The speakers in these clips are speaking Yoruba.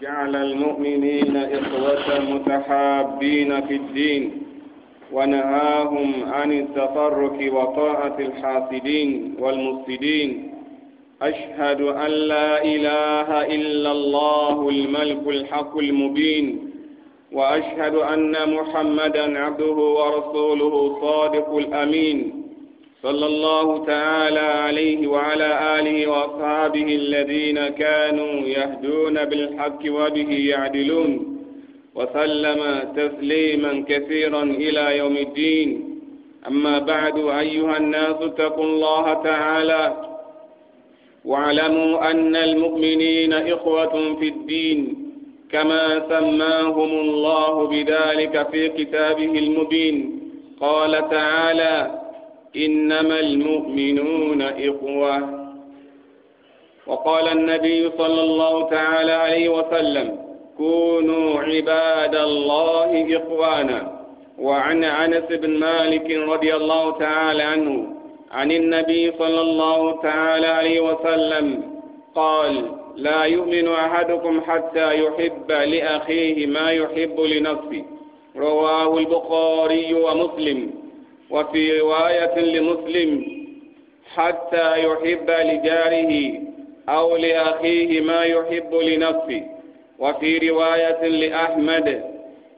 جعل المؤمنين إخوة متحابين في الدين ونهاهم عن التفرق وطاعة الحاسدين والمفسدين أشهد أن لا إله إلا الله الملك الحق المبين وأشهد أن محمدا عبده ورسوله صادق الأمين صلى الله تعالى عليه وعلى آله وأصحابه الذين كانوا يهدون بالحق وبه يعدلون وسلم تسليما كثيرا إلى يوم الدين أما بعد أيها الناس اتقوا الله تعالى واعلموا أن المؤمنين إخوة في الدين كما سماهم الله بذلك في كتابه المبين قال تعالى إنما المؤمنون إخوة وقال النبي صلى الله تعالى عليه وسلم كونوا عباد الله إخوانا وعن أنس بن مالك رضي الله تعالى عنه عن النبي صلى الله تعالى عليه وسلم قال لا يؤمن أحدكم حتى يحب لأخيه ما يحب لنفسه رواه البخاري ومسلم وفي رواية لمسلم حتى يحب لجاره أو لأخيه ما يحب لنفسه وفي رواية لأحمد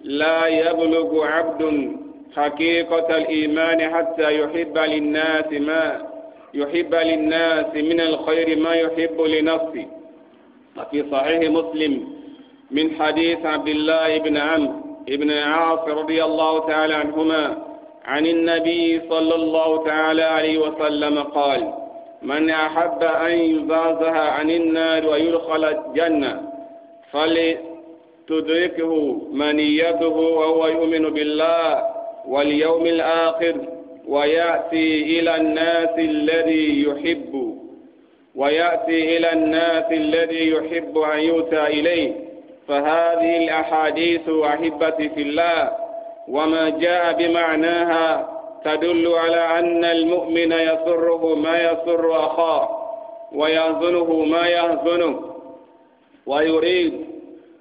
لا يبلغ عبد حقيقة الإيمان حتى يحب للناس ما يحب للناس من الخير ما يحب لنفسه وفي صحيح مسلم من حديث عبد الله بن عمرو بن عاص رضي الله تعالى عنهما عن النبي صلى الله تعالى عليه وسلم قال من أحب أن يزازها عن النار ويدخل الجنة فلتدركه منيته وهو يؤمن بالله واليوم الآخر ويأتي إلى الناس الذي يحب ويأتي إلى الناس الذي يحب أن يؤتى إليه فهذه الأحاديث أحبتي في الله وما جاء بمعناها تدل على أن المؤمن يسره ما يسر أخاه ويحزنه ما يحزنه ويريد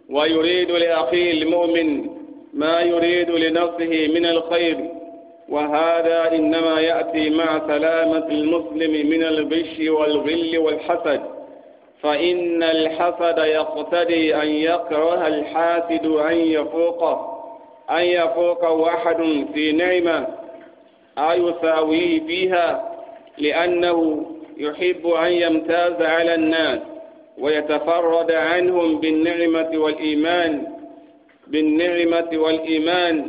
ويريد لأخيه المؤمن ما يريد لنفسه من الخير وهذا إنما يأتي مع سلامة المسلم من الغش والغل والحسد فإن الحسد يقتدي أن يكره الحاسد أن يفوقه أن يفوقه أحد في نعمة أيساويه فيها لأنه يحب أن يمتاز على الناس ويتفرد عنهم بالنعمة والإيمان بالنعمة والإيمان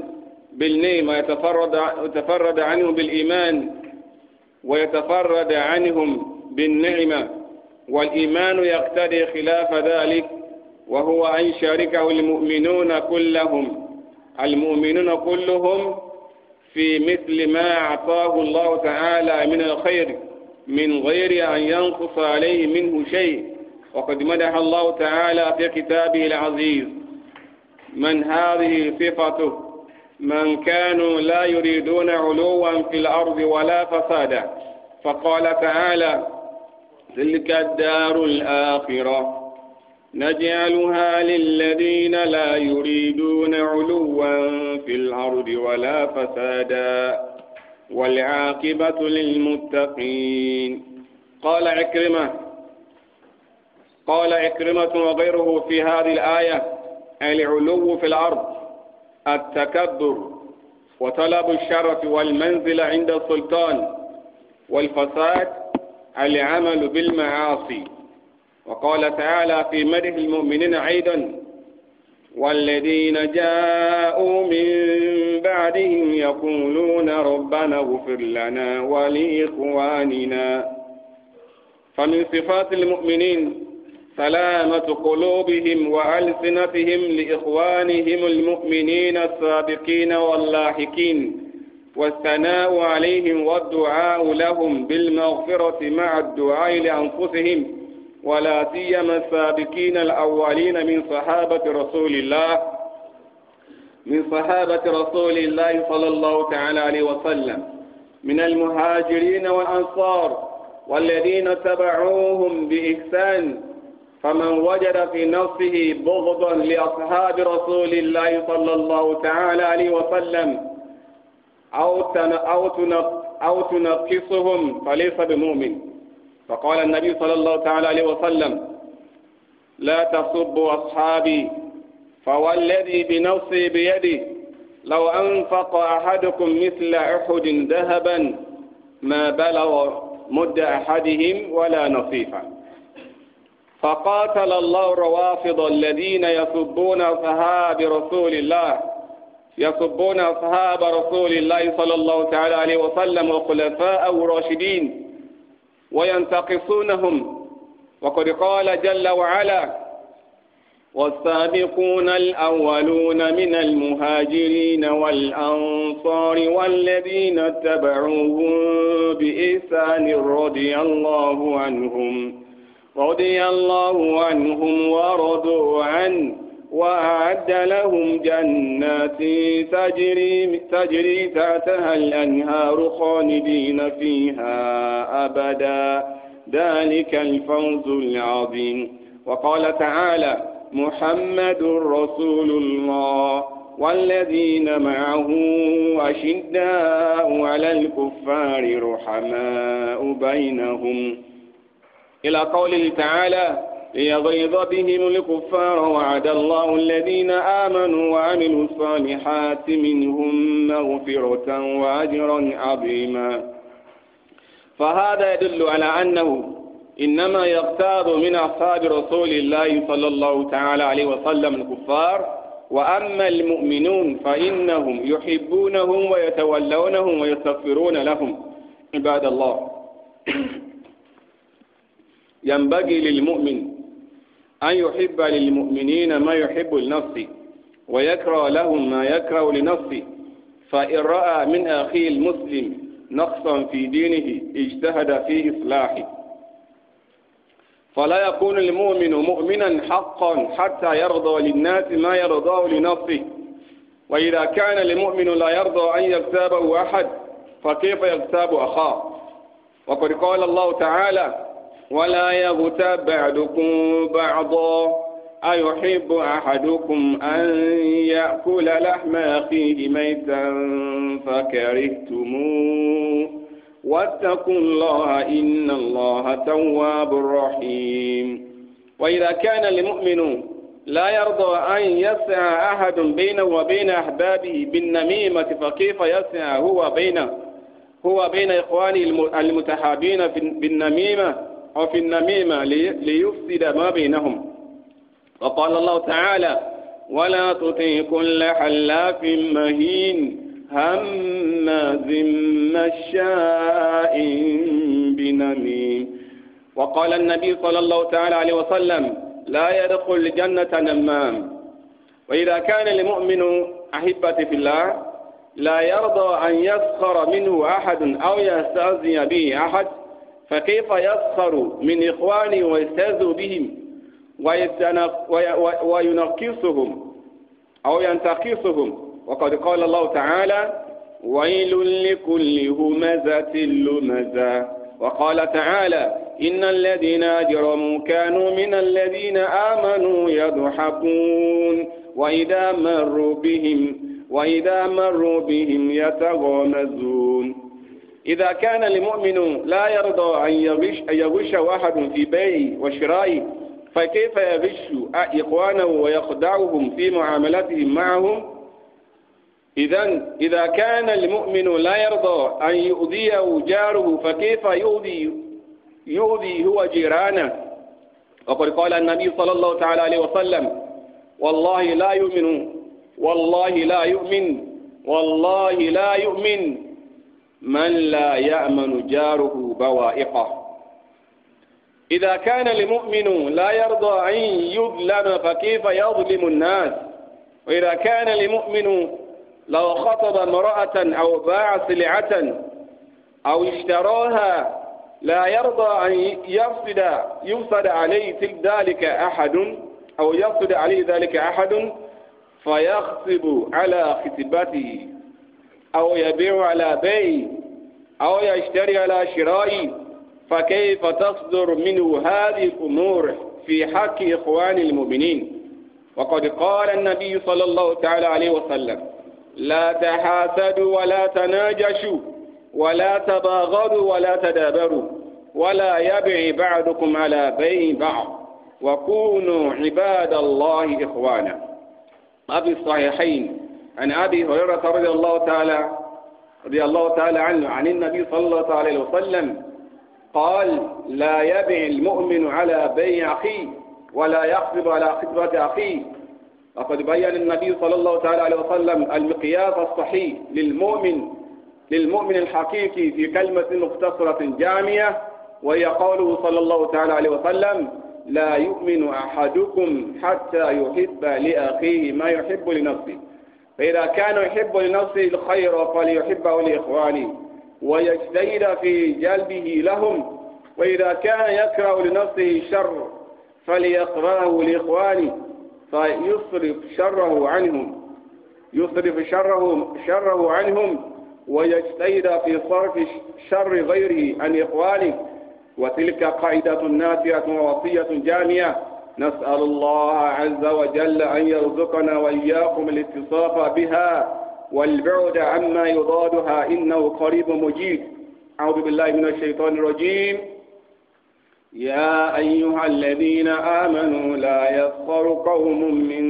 بالنعمة يتفرد يتفرد عنهم بالإيمان ويتفرد عنهم بالنعمة والإيمان يقتضي خلاف ذلك وهو أن شاركه المؤمنون كلهم المؤمنون كلهم في مثل ما أعطاه الله تعالى من الخير من غير أن ينقص عليه منه شيء وقد مدح الله تعالى في كتابه العزيز من هذه صفته من كانوا لا يريدون علوا في الأرض ولا فسادا فقال تعالى تلك الدار الآخرة نجعلها للذين لا يريدون علوا في الأرض ولا فسادا والعاقبة للمتقين قال عكرمة قال عكرمة وغيره في هذه الآية العلو في الأرض التكبر وطلب الشرف والمنزل عند السلطان والفساد العمل بالمعاصي وقال تعالى في مدح المؤمنين أيضا والذين جاءوا من بعدهم يقولون ربنا اغفر لنا ولإخواننا فمن صفات المؤمنين سلامة قلوبهم وألسنتهم لإخوانهم المؤمنين السابقين واللاحقين والثناء عليهم والدعاء لهم بالمغفرة مع الدعاء لأنفسهم ولا سيما السابقين الأولين من صحابة رسول الله من صحابة رسول الله صلى الله تعالى عليه وسلم من المهاجرين والأنصار والذين تبعوهم بإحسان فمن وجد في نفسه بغضا لأصحاب رسول الله صلى الله تعالى عليه وسلم أو أو تنقصهم فليس بمؤمن فقال النبي صلى الله تعالى عليه وسلم لا تصبوا أصحابي فوالذي بنفسي بيده لو أنفق أحدكم مثل أحد ذهبا ما بلغ مد أحدهم ولا نصيفا فقاتل الله الروافض الذين يصبون أصحاب رسول الله يصبون أصحاب رسول الله صلى الله تعالى عليه وسلم وخلفاء راشدين وينتقصونهم وقد قال جل وعلا والسابقون الأولون من المهاجرين والأنصار والذين اتبعوهم بإحسان رضي الله عنهم رضي الله عنهم ورضوا عنه وأعد لهم جنات تجري, تجري تحتها الأنهار خالدين فيها أبدا ذلك الفوز العظيم وقال تعالى محمد رسول الله والذين معه أشداء على الكفار رحماء بينهم إلى قوله تعالى ليغيظ بهم الكفار وعد الله الذين آمنوا وعملوا الصالحات منهم مغفرة وأجرا عظيما فهذا يدل على أنه إنما يقتاد من أصحاب رسول الله صلى الله تعالى عليه وسلم الكفار وأما المؤمنون فإنهم يحبونهم ويتولونهم ويستغفرون لهم عباد الله ينبغي للمؤمن أن يحب للمؤمنين ما يحب لنفسه ويكره لهم ما يكره لنفسه فإن رأى من أخيه المسلم نقصا في دينه اجتهد في إصلاحه فلا يكون المؤمن مؤمنا حقا حتى يرضى للناس ما يرضاه لنفسه وإذا كان المؤمن لا يرضى أن يغتابه أحد فكيف يغتاب أخاه وقد قال الله تعالى ولا يغتب بعضكم بعضا أيحب أحدكم أن يأكل لحم أخيه ميتا فكرهتموه واتقوا الله إن الله تواب رحيم وإذا كان المؤمن لا يرضى أن يسعى أحد بينه وبين أحبابه بالنميمة فكيف يسعى هو بينه هو بين إخوانه المتحابين بالنميمة وفي النميمة ليفسد ما بينهم وقال الله تعالى ولا تطيع كل حلاف مهين هماز مشاء بنميم وقال النبي صلى الله تعالى عليه وسلم لا يدخل الجنة نمام وإذا كان المؤمن أحبة في الله لا يرضى أن يسخر منه أحد أو يستأذي به أحد فكيف يسخر من إخواني ويستهزئ بهم وينقصهم أو ينتقصهم وقد قال الله تعالى ويل لكل همزة لمزة وقال تعالى إن الذين أجرموا كانوا من الذين آمنوا يضحكون وإذا مروا بهم وإذا مروا بهم يتغامزون إذا كان المؤمن لا يرضى أن يغش, أن يغش واحد في بيعه وشرائه فكيف يغش إخوانه ويخدعهم في معاملتهم معهم إذا إذا كان المؤمن لا يرضى أن يؤذيه جاره فكيف يؤذي يؤذي هو جيرانه وقد قال النبي صلى الله تعالى عليه وسلم والله لا يؤمن والله لا يؤمن والله لا يؤمن من لا يأمن جاره بوائقه إذا كان المؤمن لا يرضى أن يظلم فكيف يظلم الناس وإذا كان المؤمن لو خطب امرأة أو باع سلعة أو اشتراها لا يرضى أن يفسد يفسد عليه ذلك أحد أو يفسد عليه ذلك أحد فيخصب على خطبته أو يبيع على بيع أو يشتري على شراء فكيف تصدر منه هذه الأمور في حق إخوان المؤمنين وقد قال النبي صلى الله تعالى عليه وسلم لا تحاسدوا ولا تناجشوا ولا تباغضوا ولا تدابروا ولا يبع بعضكم على بيع بعض وكونوا عباد الله إخوانا وفي الصحيحين عن أبي هريرة رضي الله تعالى رضي الله تعالى عنه عن النبي صلى الله عليه وسلم قال لا يبع المؤمن على بيع أخيه ولا يخطب على خطبة أخيه وقد بين النبي صلى الله تعالى عليه وسلم المقياس الصحيح للمؤمن للمؤمن الحقيقي في كلمة مختصرة جامية وهي قوله صلى الله تعالى عليه وسلم لا يؤمن أحدكم حتى يحب لأخيه ما يحب لنفسه فإذا كان يحب لنفسه الخير فليحبه لإخوانه ويجتهد في جلبه لهم وإذا كان يكره لنفسه الشر فليقرأه لإخوانه فيصرف شره عنهم يصرف شره, شره عنهم ويجتهد في صرف شر غيره عن إخوانه وتلك قاعدة نافعة ووصية جامعة نسأل الله عز وجل أن يرزقنا وإياكم الاتصاف بها والبعد عما يضادها إنه قريب مجيد أعوذ بالله من الشيطان الرجيم يا أيها الذين آمنوا لا يسخر قوم من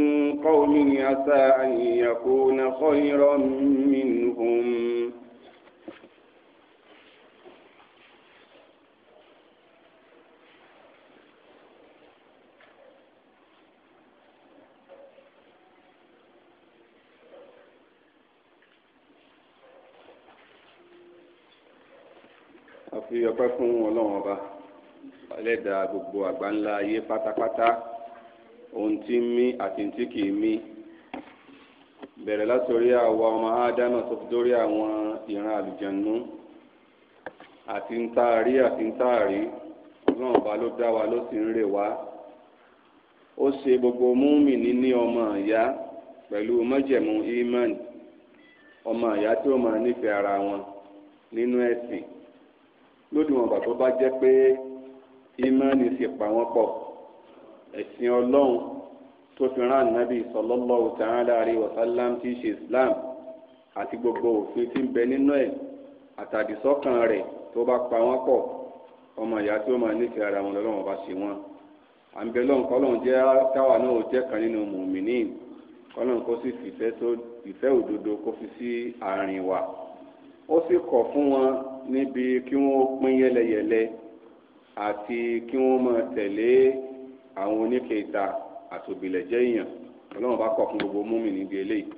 قوم عسى أن يكون خيرا منهم àfi ọpẹ́ fún ọlọ́run ọba ẹlẹ́dàá gbogbo àgbáńlá ayé pátápátá ohun tí ń mí àti ohun tí kìí mí bẹ̀rẹ̀ látòrí àwa ọmọ ádámà tó fi dórí àwọn ìran àlùjànnú àti ń táàrí àti ń táàrí ọlọ́run ọba ló dá wa ló sì ń rè wá ó ṣe gbogbo múmìnì ní ọmọ ìyá pẹ̀lú májẹ̀mú imán ọmọ ìyá tí ó máa nífẹ̀ẹ́ ara wọn nínú ẹ̀sìn lódiwọ̀n bàtó bá jẹ́ pé ìmánì sì pa wọ́n pọ̀ ẹ̀sìn ọlọ́run tó fi rán ànábì sallallahu ta'ala alaihi wa sallam tí í ṣe islam àti gbogbo òfin tí ń bẹ nínú ẹ̀ àtàdìsọ́kàn rẹ̀ tó bá pa wọ́n pọ̀ ọmọ ìyá tí ó máa nífẹ̀ẹ́ ara wọn lọ́wọ́ bá ṣe wọn àǹbẹ̀lọ́n kọ́lọ́n jẹ́ táwa náà jẹ́ kan nínú mùmíní kọ́lọ́n kó sì fìfẹ́ òdodo kó fi sí àárín wa ó sì kọ̀ fún wọn níbi kí wọ́n pín yẹlẹyẹlẹ àti kí wọ́n máa tẹ̀lé àwọn oníkèéta àtòbìlẹ̀jẹ́ èèyàn ọlọ́run bá kọ̀ fún gbogbo múmi níbi eléyìí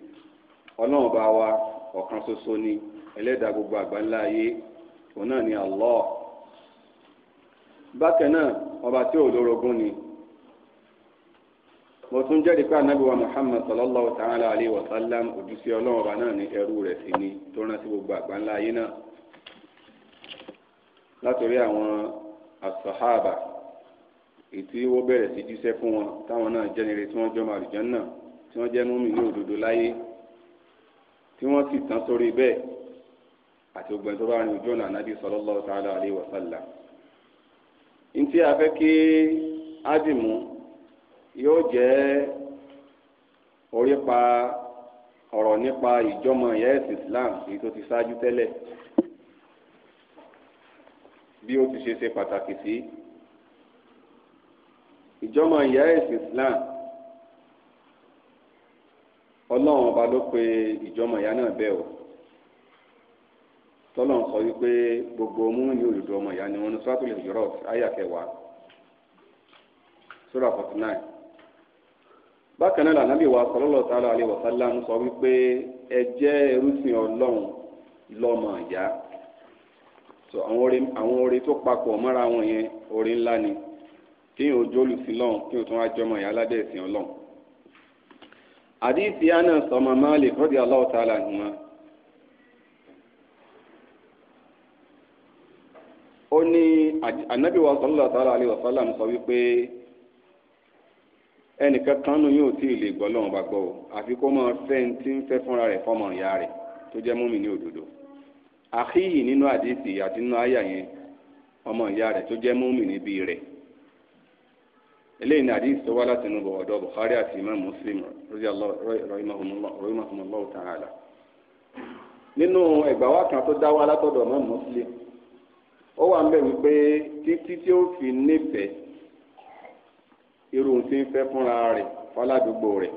ọlọ́run bá wa ọ̀kan ṣoṣo ni ẹlẹ́dàá gbogbo àgbáńlá ayé òun náà ni Allah bákan náà ọba tí ò lórogún ni mo tún jẹ́rìí pé ànábì wa sallallahu alayhi wa sallam òjíṣẹ́ ọlọ́run ọba náà ni ẹrú rẹ̀ sí ni tó rán gbogbo àgbáńlá ayé náà látọ̀rí àwọn asahaba ètí wọ́n bẹ̀rẹ̀ sí jíṣẹ́ fún wọn táwọn náà jẹ́nire tí wọ́n jọmọ àlùjànnà tí wọ́n jẹ́ múmi ní òdodo láyé tí wọ́n sì tán sórí bẹ́ẹ̀ àti ògbẹ́ni tó bá rìn ojú ọ̀nà ànábì sallallahu ta'ala alaihi wa sallam. ntí a fẹ́ kí ádìmú yóò jẹ́ orípa ọ̀rọ̀ nípa ìjọmọ ìyá Islam èyí tó ti ṣáájú tẹ́lẹ̀ bí ó ti ṣe ṣe pàtàkì sí ìjọmọ ìyá ẹ̀sìn Islam ọlọ́run ọba ló pe ìjọmọ ìyá náà bẹ́ẹ̀ o tọ́lọ́n sọ wípé gbogbo múmi olùdó ọmọ ìyá ni wọ́n ní sọ́tò lè yọrọ àyà kẹwàá sura forty nine bákan náà lànàbí wa sallallahu ta'ala alaihi wa sọ wípé ẹ jẹ́ ẹrúsìn ọlọ́run lọ́mọ ìyá. so àwọn oore tó papọ̀ mọ́ra wọn yẹn oore ńlá ni kéèyàn ojú olùsílọ́n kí o tún wá jọmọ ìyá aládé ìsìn ọlọ́run. àdìsí Anas ọmọ a radiyallahu ta'ala anhuma. ó ní ànábìwá sallallahu ta'ala alayhi wa sallam sọ wípé ẹnìkan kan nù yóò tí ì lè gbọ́ lọ́wọ́n bá gbọ́ o àfi kó máa fẹ́ ń tí ń fẹ́ fúnra rẹ̀ fọmọ ìyá rẹ̀ tó jẹ́ mùmínì òdodo. àhíyì nínú àdìsí àti nínú àyà yẹn ọmọ ìyá rẹ tó jẹ́ múmi níbí rẹ̀ eléyìí ní àdìsí tó wá láti inú bọ̀wọ̀dọ̀ àti Imam Muslim rahimahumullah ta'ala nínú ẹgbàá wa kan tó dá látọ̀dọ̀ Imam Muslim ó wà ń bẹ̀ wípé títí tí ó fi tí ń fẹ́ fúnra rẹ̀ fọ́ládùúgbò rẹ̀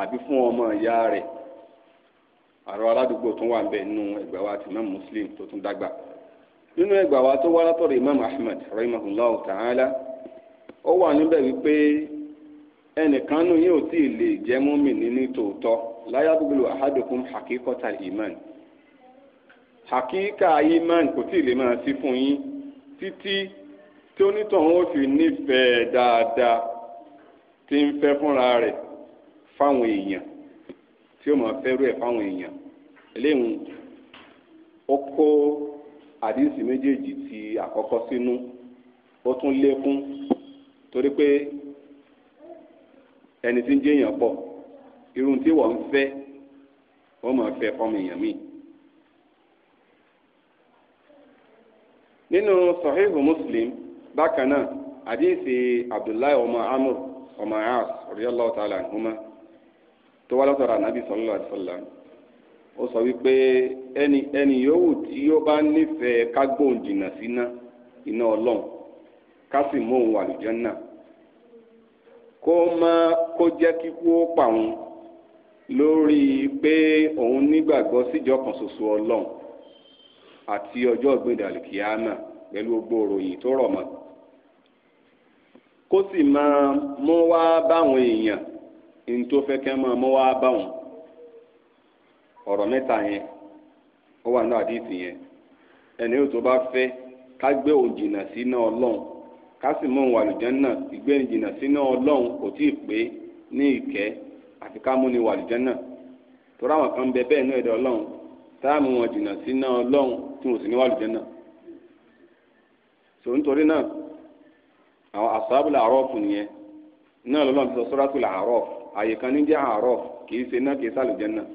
àbí fún ọmọ ìyá rẹ̀ àrò aládùúgbò tó wà nbẹ nínú ẹgbà wa àti imam muslim tó tún dàgbà nínú ẹgbà wa tó wá látọ̀rọ̀ imam ahmed rahimahullahu ta'ala ó wà níbẹ̀ wípé ẹnìkan nù yóò tí ì lè jẹ́ mùmínì ní tòótọ́ láyàbùgbòlò iman iman kò tí ì lè máa sí fún yín títí tí onítọ̀hún ó fi nífẹ̀ẹ́ dáadáa ń fẹ́ tí ó máa fẹ́rù ẹ̀ fáwọn èèyàn eléyìí ó kó àdínsì méjèèjì ti àkọ́kọ́ sínú ó tún lékún torí pé ẹni tí ń jẹ́ èèyàn pọ̀ irun tí wọ́n ń fẹ́ wọ́n máa fẹ́ fọ́mọ èèyàn míì. nínú sahihu muslim bákan náà abdullahi ọmọ amur ọmọ tó wá lọ́sọ̀rọ̀ ànábì sallallahu ó sọ wípé ẹni ẹni yòówù tí ó bá nífẹ̀ẹ́ ká jìnnà síná iná ọlọ́run ká sì mú òun àlùjánnà kó má kó jẹ́ kíkú ó pa òun lórí pé òun nígbàgbọ́ síjọ kan ṣoṣo ọlọ́run àti ọjọ́ pẹ̀lú gbogbo òròyìn tó rọ̀ mọ́ kó sì máa mú wá báwọn èèyàn ntó fẹ́ a máa waa ba ọ̀rọ̀ mẹ́ta yẹn wa wà nínú àdìsí yẹn ẹni yóò tó bá fẹ́ ká gbé òun jìnnà síná ọlọ́run ká sì mú òun àlùjànnà ìgbé jìnnà síná kò tí ì pé ní ìkẹ́ àti ká mú ni wà kan bẹ bẹ́ẹ̀ náà ẹ̀dá ọlọ́run táàmù wọn jìnnà síná ọlọ́run tí wọn sì ní náà àwọn àrọ́ọ̀fù nìyẹn náà àyè kan ní jẹ́ àárọ̀ kì í ṣe náà kì í sàlùjẹ́ náà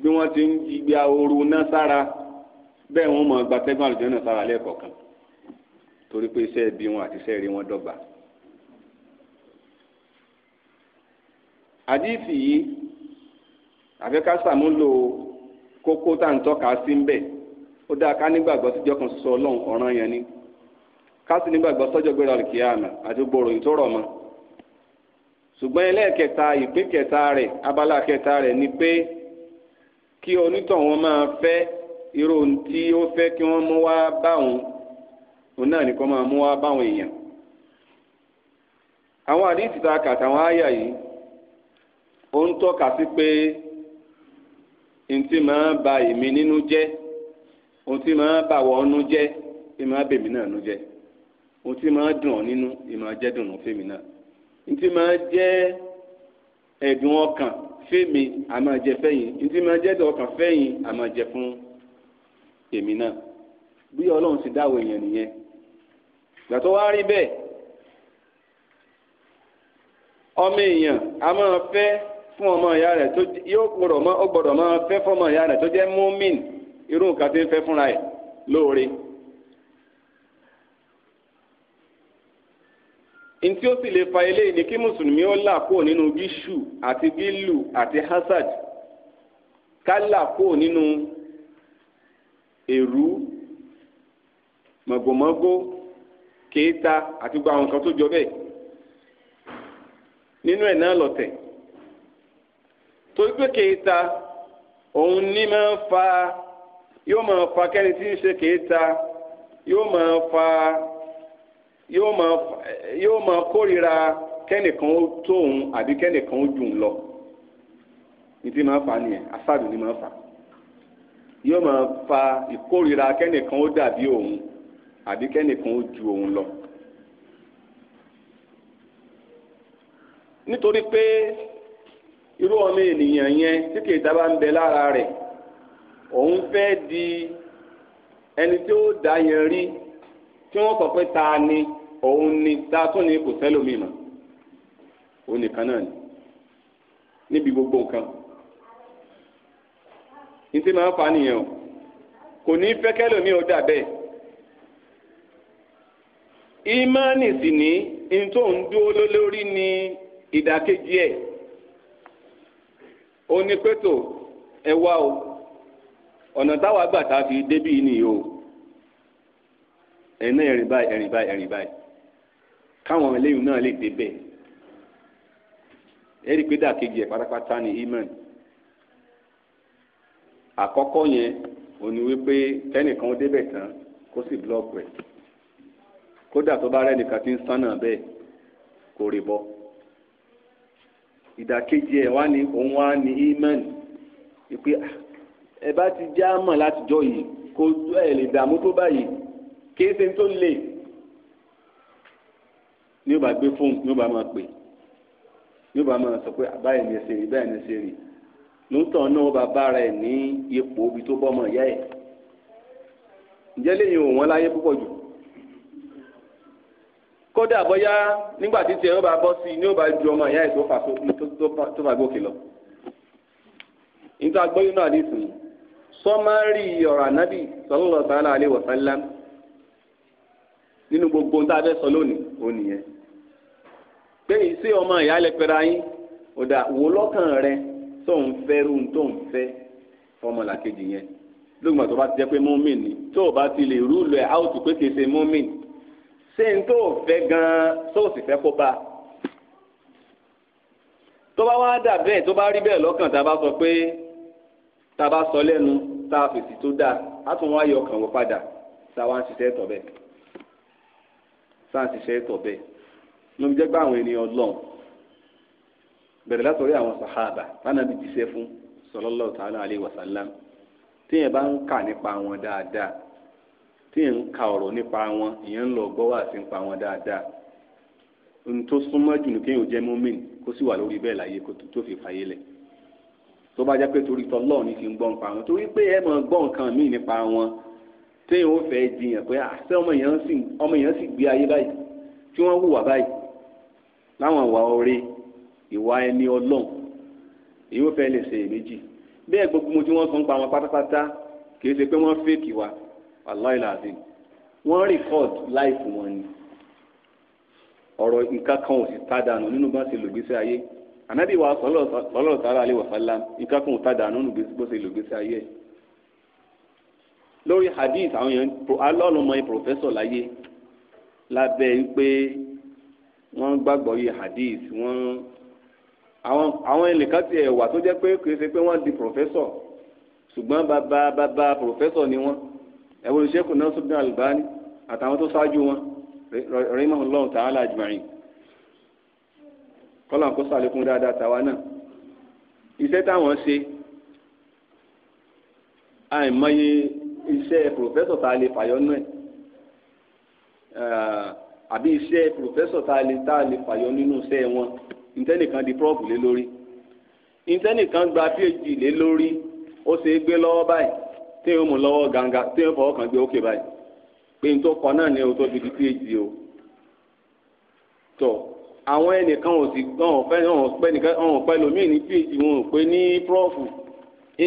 bí wọ́n ti ń gba ooru náà sára bẹ́ẹ̀ wọ́n máa gbatẹ́gùn àlùjẹ́ náà sára lẹ́ẹ̀kọ̀ọ̀kan torí pé iṣẹ́ ẹbí wọn àti iṣẹ́ ẹ̀rí wọn dọ́gba. àdìsí yìí àfẹ́ká sàmúlò kókó tá à ń tọ́ka sí ń bẹ̀ ó dáa ká nígbàgbọ́ síjọ́ kan sọ ọlọ́run ọ̀ràn yẹn ni ká sì nígbàgbọ́ sọ́jọ́ gbéra kìí àmà àti gbòòrò ṣùgbọ́n ẹlẹ́ẹ̀kẹta ìpín kẹta rẹ̀ abala kẹta rẹ̀ ni pé kí onítọ̀hún máa fẹ́ irú tí ó fẹ́ kí wọ́n mú wá báwọn òun náà nìkan máa mú wá báwọn èèyàn. àwọn àdìsí ta kà àyà yìí ó ń tọ́ka sí pé máa ba èmi nínú jẹ́ máa wọ́n nú jẹ́ náà nú jẹ́ máa dùn ọ́ nínú jẹ́ dùn mi náà. ntí máa jẹ́ ẹ̀dùn ọkàn fẹ́mi àmọ́ jẹ fẹ́yìn ntí máa jẹ́ ẹ̀dùn ọkàn fẹ́yìn àmọ́ jẹ fún èmi náà bí ọlọ́run ti dáwọ́ èèyàn nìyẹn gbàtọ́ wá rí bẹ́ẹ̀ ọmọ èèyàn a máa fẹ́ fún ọmọ ìyá rẹ̀ tó yóò gbọ́dọ̀ máa fẹ́ fún ọmọ ìyá rẹ̀ tó jẹ́ múmin irú nǹkan tó ń fẹ́ fúnra ẹ̀ lóore. ntí ó sì lè fa eléyìí ni kí mùsùlùmí ó là kúrò nínú gíṣù àti gílù àti hasad ká là kúrò nínú èrú mọ̀gòmọ́gó kéèta àti gbogbo àwọn nǹkan tó jọ bẹ́ẹ̀ nínú ẹ̀ náà lọ̀tẹ̀ torí pé kéèta òun ní máa ń fa yóò máa fa kẹ́ni tí ń ṣe kéèta yóò máa fa yóò máa kórìíra kẹ́nìkan ó tó òun àbí kẹ́nìkan ó jù ú lọ ní ti máa fà á nìyẹn asádù ni máa fà yóò máa fa ìkórìíra kẹ́nìkan ó dàbí òun àbí kẹ́nìkan ó ju òun lọ. nítorí pé irú ọmọ ènìyàn yẹn tí kìí dábàá ń bẹ lára rẹ̀ òun fẹ́ di ẹni tí ó dá yẹn rí tí wọ́n sọ pé ta ni òun ni dátún ní kò gbogbo nǹkan ní tí máa ń fa nìyẹn o kò ní fẹ́ kẹ́lómi ó dà bẹ́ẹ̀ ìmánì sì ní ní tó ń dúró o ọ̀nà táwa gbà tá a fi débí nìyí o ẹ̀rín náà ẹ̀rín báyìí káwọn eléyìí náà lè débẹ̀ ẹ̀rí pé dàkejì ẹ̀ pátápátá ni iman àkọ́kọ́ yẹn òní wípé tẹ́nìkan ó débẹ̀ tán kó sì blọọkù ẹ̀ kódà tó bá rẹ́nìkan ti ń sánà bẹ́ẹ̀ kò rè bọ́ ìdàkejì ẹ̀ wá ní òun wá ní iman ìpè ah, ẹ bá ti já mọ̀ látijọ́ yìí kó ẹ lè dààmú tó báyìí kí ẹ ṣe tó lè ní ó bá gbé fóònù ní ó bá máa pè ní ó bá máa sọ pé ah, báyìí ni ẹsẹ̀ rí báyìí ni ẹsẹ̀ rí lóòótọ́ náà ó bá bára ẹ̀ ní ipò ibi tó bọ́ ọmọ ìyá ẹ̀ ǹjẹ́ lẹ́yìn òun wọn láyé púpọ̀ jù kódà bóyá nígbà tí tiẹ̀ ó bá bọ́ sí i ní ó bá ju ọmọ ìyá ẹ̀ tó fà tó fà gòkè lọ nítorí agbóyún náà dì sùn sọmárì ọ̀rọ̀ ànábì sallallahu ta'ala nínú gbogbo ohun tá a fẹ́ pé ìṣe ọmọ ìyálẹ̀ pẹ̀lú ayín ọ̀dà wò lọ́kàn rẹ tó ń fẹ́ rú tó ń fẹ́ fọmọlàkejì yẹn lóògùn àti ọba ti jẹ́ pé mọ́mìn ni tó o bá ti lè rú lọ ẹ̀ áwùtù pé kìí ṣe mọ́mìn ṣé n tó o fẹ́ gan-an tó o sì fẹ́ kó bá a tó bá wá dà bẹ́ẹ̀ tó bá rí bẹ́ẹ̀ lọ́kàn tá a bá sọ pé tá a bá sọ lẹ́nu tá a fèsì tó dáa á tún wá yọ ọkàn wọ padà tá a wá ń ṣiṣẹ́ tọ̀ bẹ́ẹ̀ tá a ń ṣiṣẹ́ tọ̀ bẹ́ẹ̀ ló ń jẹ́ pé àwọn ènìyàn ọlọ́run bẹ̀rẹ̀ látọ̀rí àwọn sàhábà tánàbí jíṣẹ́ fún sallallahu ta'ala alayhi wa sallam téèyàn bá ń kà nípa wọn dáadáa téèyàn ń ka ọ̀rọ̀ nípa wọn èèyàn ń lọ gbọ́ wá sí nípa wọn dáadáa ohun tó súnmọ́ jù ní kéèyàn jẹ́ mọ́mìn kó sì wà lórí bẹ́ẹ̀ láyé kó tó fi fàyè lẹ̀ tó bá jẹ́ pé torí tọ́lọ́ ní fi ń gbọ́ nípa wọn torí pé ẹ máa gbọ́ nǹkan míì nípa wọn téèyàn ó fẹ́ jiyàn pé ah, àṣẹ ọmọ èèyàn sì gbé ayé báyìí tí wọ́n hùwà báyìí láwọn ìwà orí ìwà ẹni ọlọ́run èyí ó fẹ́ lè ṣe èméjì bẹ́ẹ̀ gbogbo mo tí wọ́n sọ ń pa wọn pátápátá kì í ṣe pé wọ́n fèkì wa aláì làásì wọ́n rìkọ́d láìfù wọn ni ọ̀rọ̀ nǹkan ò sì ta nínú bá ṣe lògbésí ayé ànábì wa sọlọ́ọ̀ sára alẹ́ wàsálà nǹkan kan ò ta dànù nínú bó ṣe lògbésí ayé ẹ̀ lórí hadith àwọn èèyàn alọ́ọ̀lọ́mọ yẹn pòfẹ́sọ̀ wọ́n gbàgbọ́ yìí hadith wọ́n àwọn àwọn ẹnìkan ti ẹ̀wà tó jẹ́ pé kì í ṣe pé wọ́n di pòfẹ́sọ̀ ṣùgbọ́n bàbá bàbá pòfẹ́sọ̀ ni wọ́n ẹ̀wọ̀n olùṣèkùn náà sọ́dún àlùbáni àtàwọn tó ṣáájú wọn rahimahullah ta'ala ajma'in kọ́lá kó sàlékún dáadáa tàwa náà iṣẹ́ táwọn ṣe àìmọye iṣẹ́ pòfẹ́sọ̀ tá a lè fàyọ́ nú ẹ̀ àbí iṣẹ́ pòfẹ́sọ̀ tá a lè tá a lè fàyọ nínú iṣẹ́ wọn ìtẹ́nìkan di prọ́ọ̀bù lé lórí ìtẹ́nìkan gba phd lé lórí ó ṣe é gbé lọ́wọ́ báyìí tí yóò mú lọ́wọ́ gàǹgà tí yóò fọwọ́ kàn gbé ókè báyìí pé n tó kọ náà ni o tó fi di phd o tọ àwọn ẹnìkan ò sì wọn ò fẹ́ nìkan wọn lómi ní phd wọn ò pé ní prọ́ọ̀fù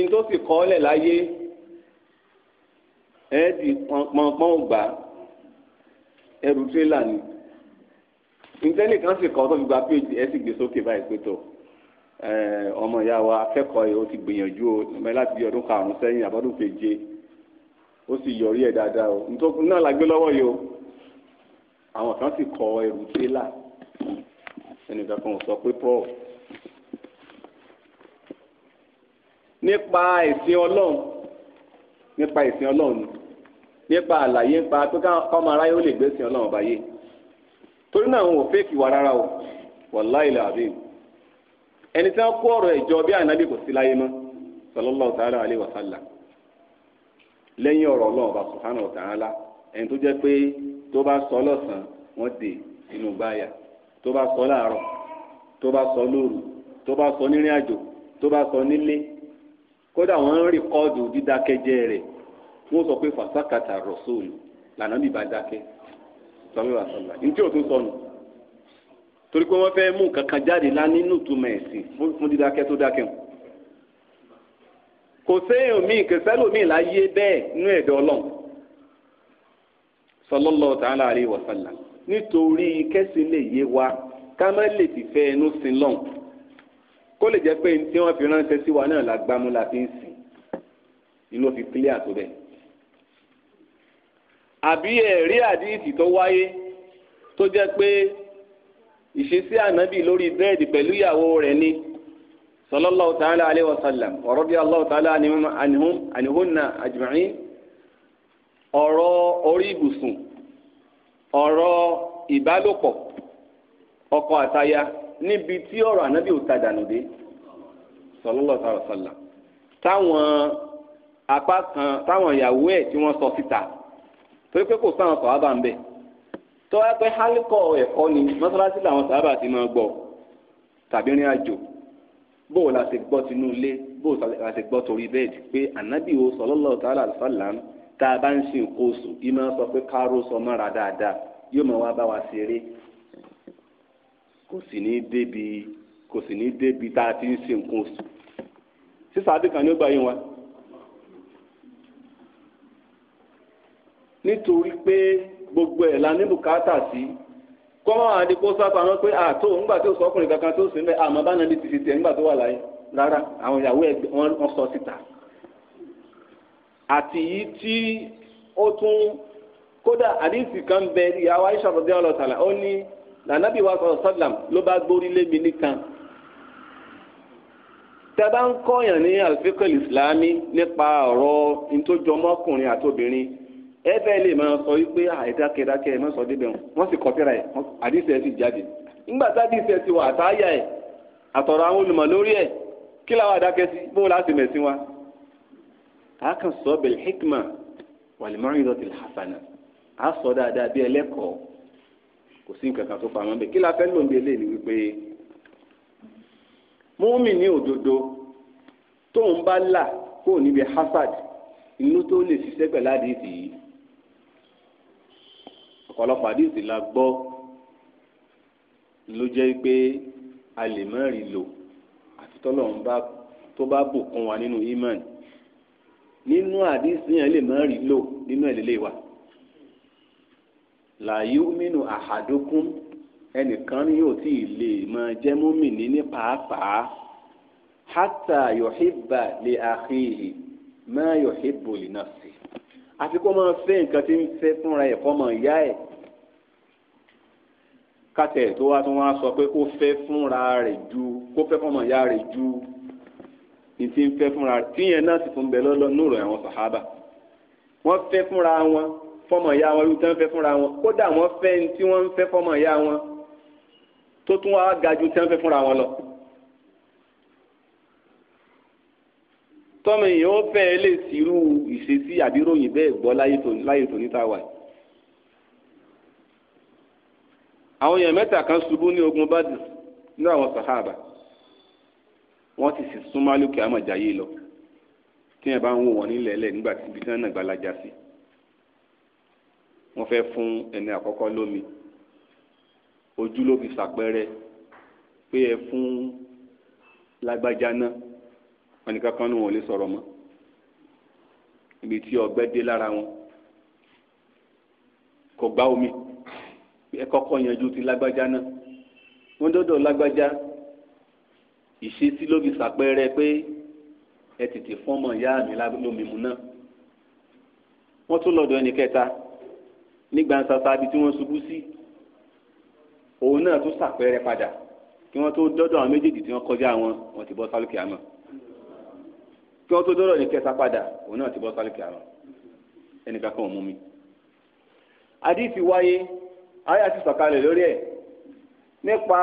n tó láyé ẹ̀ẹ́dì pọ̀npọ̀n ò ẹrù tírélà ni ìtẹ́lẹ̀ kan sì kọ́ tó fi gba péjì ẹ sì gbé sókè báyìí pé tó ọmọ ìyá wa akẹ́kọ̀ọ́ yìí ó ti gbìyànjú o mẹ́ láti bí ọdún karùn-ún sẹ́yìn àbọ̀dún keje ó sì yọrí ẹ̀ dáadáa o nítorí náà la gbé lọ́wọ́ yìí o àwọn kan sì kọ ẹrù tírélà ẹnìkan kan ò sọ pé paul nípa ẹ̀sìn ọlọ́run nípa ẹ̀sìn ọlọ́run ni nípa àlàyé nípa pé káwọn aráyé ó lè gbé sí ọlọ́run báyé torí náà wọn ò fẹ́ẹ̀kì wà rárá o wàláì làbí ẹni tí wọn kó ọ̀rọ̀ ìjọ bí ànábì kò sí láyé mọ́ sallallahu ta'ala alaihi wa sallam lẹ́yìn ọ̀rọ̀ ọlọ́run bá subhanahu wa ta'ala ẹni tó jẹ́ pé tó bá sọ lọ́sàn-án wọ́n dè inú gbáyà tó bá sọ láàárọ̀ tó bá sọ lóru tó bá sọ nírìn àjò tó bá sọ nílé kódà wọ́n ń rìkọ́ọ̀dù dídákẹ́jẹ́ rẹ̀ wọ́n sọ pé fàṣàkàtà rọ̀sọ́ọ̀lù lànà bí bá dákẹ́ sọlá sọlá ntí o tún sọnù torí pé wọ́n fẹ́ mú kankan jáde lá nínú ìtumọ̀ ẹ̀sìn fún dídákẹ́ tó dákẹ́ wọn kò séèyàn míì kò sẹ́lòmíì láyé bẹ́ẹ̀ nú ẹ̀dọ́ ọlọ́run sallallahu ta'ala alaihi wa sallam nítorí kẹ́sìn lè yé wa ká má lè ti fẹ́ ẹnu sin lọ́n kó lè jẹ́ pé tí wọ́n fi ránṣẹ́ sí wa náà la gbámú la fi ń sìn inú fi clear tó bẹ́ẹ̀ àbí ẹ̀rí àdíìsì tó wáyé tó jẹ́ pé ìṣesí ànábì lórí bẹ́ẹ̀dì pẹ̀lú ìyàwó rẹ̀ ni sallallahu ta'ala alayhi wa sallam wa radiyallahu ta'ala anhum anhunna ọ̀rọ̀ orí ibùsùn ọ̀rọ̀ ìbálòpọ̀ ọkọ àtaya níbi tí ọ̀rọ̀ ànábì ta dànù dé sallallahu ta'ala sallam táwọn apá kan táwọn sọ síta. torí pé kò sáwọn sàábà ń bẹ̀ tó wáyé pé hálíkọ̀ ẹ̀kọ́ ni mọ́sálásí làwọn sàábà ti máa gbọ́ tàbí rìn àjò bó o la ṣe gbọ́ tinú ilé bó o la ṣe gbọ́ torí bẹ́ẹ̀dì pé ànábì wo sallallahu ta'ala alaihi wasallam tá a bá ń ṣe nǹkan oṣù ìmọ̀ sọ pé káró sọ mọ́ra dáadáa yóò máa wá bá wa ṣeré kò sì ní débi kò sì ní débi tá a ti ń ṣe nǹkan oṣù sísàbí kan ní ó gbà yín wa. nítorí pé gbogbo ẹ̀ la ní bùkátà sí kọ́mọ́ àdìpọ̀ sápamọ́ pé àtò ńgbà tó sọkùnrin kankan tó sì ń bẹ àmọ́ bá nàbí ti fi tẹ̀ ńgbà tó wà láyé rárá àwọn ìyàwó ẹ̀ wọ́n sọ síta àti yìí tí ó tún kódà àdìsí kan bẹ ìyàwó Aisha radiyallahu ta'ala ó ní nànàbí wa sọ̀rọ̀ sọ́dàm ló bá gbórí lé nìkan tẹ́ bá ń kọ́yàn ní àlùfíkọ́ ìsìlámì nípa ọ̀rọ̀ ntójọmọ́kùnrin àtobìnrin ẹ bẹ́ẹ̀ lè máa sọ wípé àìdákẹ́dákẹ́ ẹ má sọ débẹ̀ wọ́n sì kọ́tẹ́ra ẹ̀ àdìsẹ́ sì jáde nígbà tádìsẹ́ ti wà àtàyà ẹ̀ àtọ̀rọ̀ àwọn olùmọ̀ lórí ẹ̀ kí làwọn àdákẹ́ sí bóun láti mẹ̀sìn wa. a kàn sọ bil hikma wal maw'izatil hasana a sọ dáadáa bí ẹlẹ́kọ̀ọ́ kò sí nǹkan kan tó pamọ́ bẹ́ẹ̀ kí la fẹ́ lòun délé ni wípé múmi ní òdodo tóun bá là kó níbi hasad inú tó lè ṣiṣẹ́ pẹ̀lú àdìsí yìí ọ̀pọ̀lọpọ̀ àdìsí la gbọ́ ló jẹ́ pé a lè má rí lò àti tọ́lọ́run bá tó bá bùkún wa nínú iman nínú àdìsí yẹn lè má rí lò nínú ẹ̀lẹ́lẹ́ wa la yu'minu ahadukum ẹnìkan ni yóò tí ì lè máa jẹ́ mùmínì ní pàápàá hatta yuhibba li akhihi ma yuhibbu li nafsihi àfi kó máa fẹ́ nǹkan tí ń fẹ́ fúnra ẹ̀ fọ́mọ ìyá ẹ̀ kátẹ̀ tó wá tó wá sọ pé kó fẹ́ fúnra rẹ̀ ju kó fẹ́ fọ́mọ ìyá rẹ̀ ju ní ti ń fẹ́ fúnra rẹ̀ tíyẹn náà sì fún bẹ lọ́lọ́ nùrọ̀ àwọn sàhábà wọ́n fẹ́ fúnra wọn fọ́mọ ìyá wọn irú tí wọ́n fẹ́ fúnra wọn kódà wọ́n fẹ́ ní tí wọ́n ń fẹ́ fọ́mọ ìyá wọn tó tún wá ga ju tí wọ́n fẹ́ fúnra wọn lọ. tọ́mọ èèyàn ó fẹ́ lè sírú ìṣesí àbíròyìn bẹ́ẹ̀ gbọ́ láyé tòní tá a wà. àwọn èèyàn mẹ́ta kan ṣubú ní ogun bàdì nínú àwọn sàhábà wọ́n ti sì súnmọ́ lókè àmọ̀jáyé lọ tí yẹn bá ń wò wọ́n nílẹ̀ ẹlẹ́ nígbà tí ibi tí wọ́n náà gbalaja sí wọ́n fẹ́ fún ẹni àkọ́kọ́ lómi ojú ló fi ṣàpẹẹrẹ pé ẹ fún lágbájá náà wọn nìkan kan ní wọn ò lè sọ̀rọ̀ mọ́ ibi tí ọgbẹ́ dé lára wọn kò gbá omi ẹ kọ́kọ́ yanjú ti lágbájá náà wọ́n dọ́dọ̀ lágbájá ìṣesí ló fi ṣàpẹẹrẹ pé ẹ tètè fọ́mọ ìyá mi lómi mu náà wọ́n tún lọ́dọ̀ ẹnì kẹta nígbà sasa ibi tí wọ́n ṣubú sí òun náà tún ṣàpẹẹrẹ padà kí wọ́n tó dọ́dọ̀ àwọn méjèèjì tí wọ́n kọjá wọn wọ́n ti bọ́ sálùkì àmọ́ kí wọ́n tó dọ́rọ̀ ní kẹta padà òun náà ti bọ́ sálùkì àrùn ẹnìkan kan ò mú mi. àdìsí wáyé ayé àti sọ̀kalẹ̀ lórí ẹ̀ nípa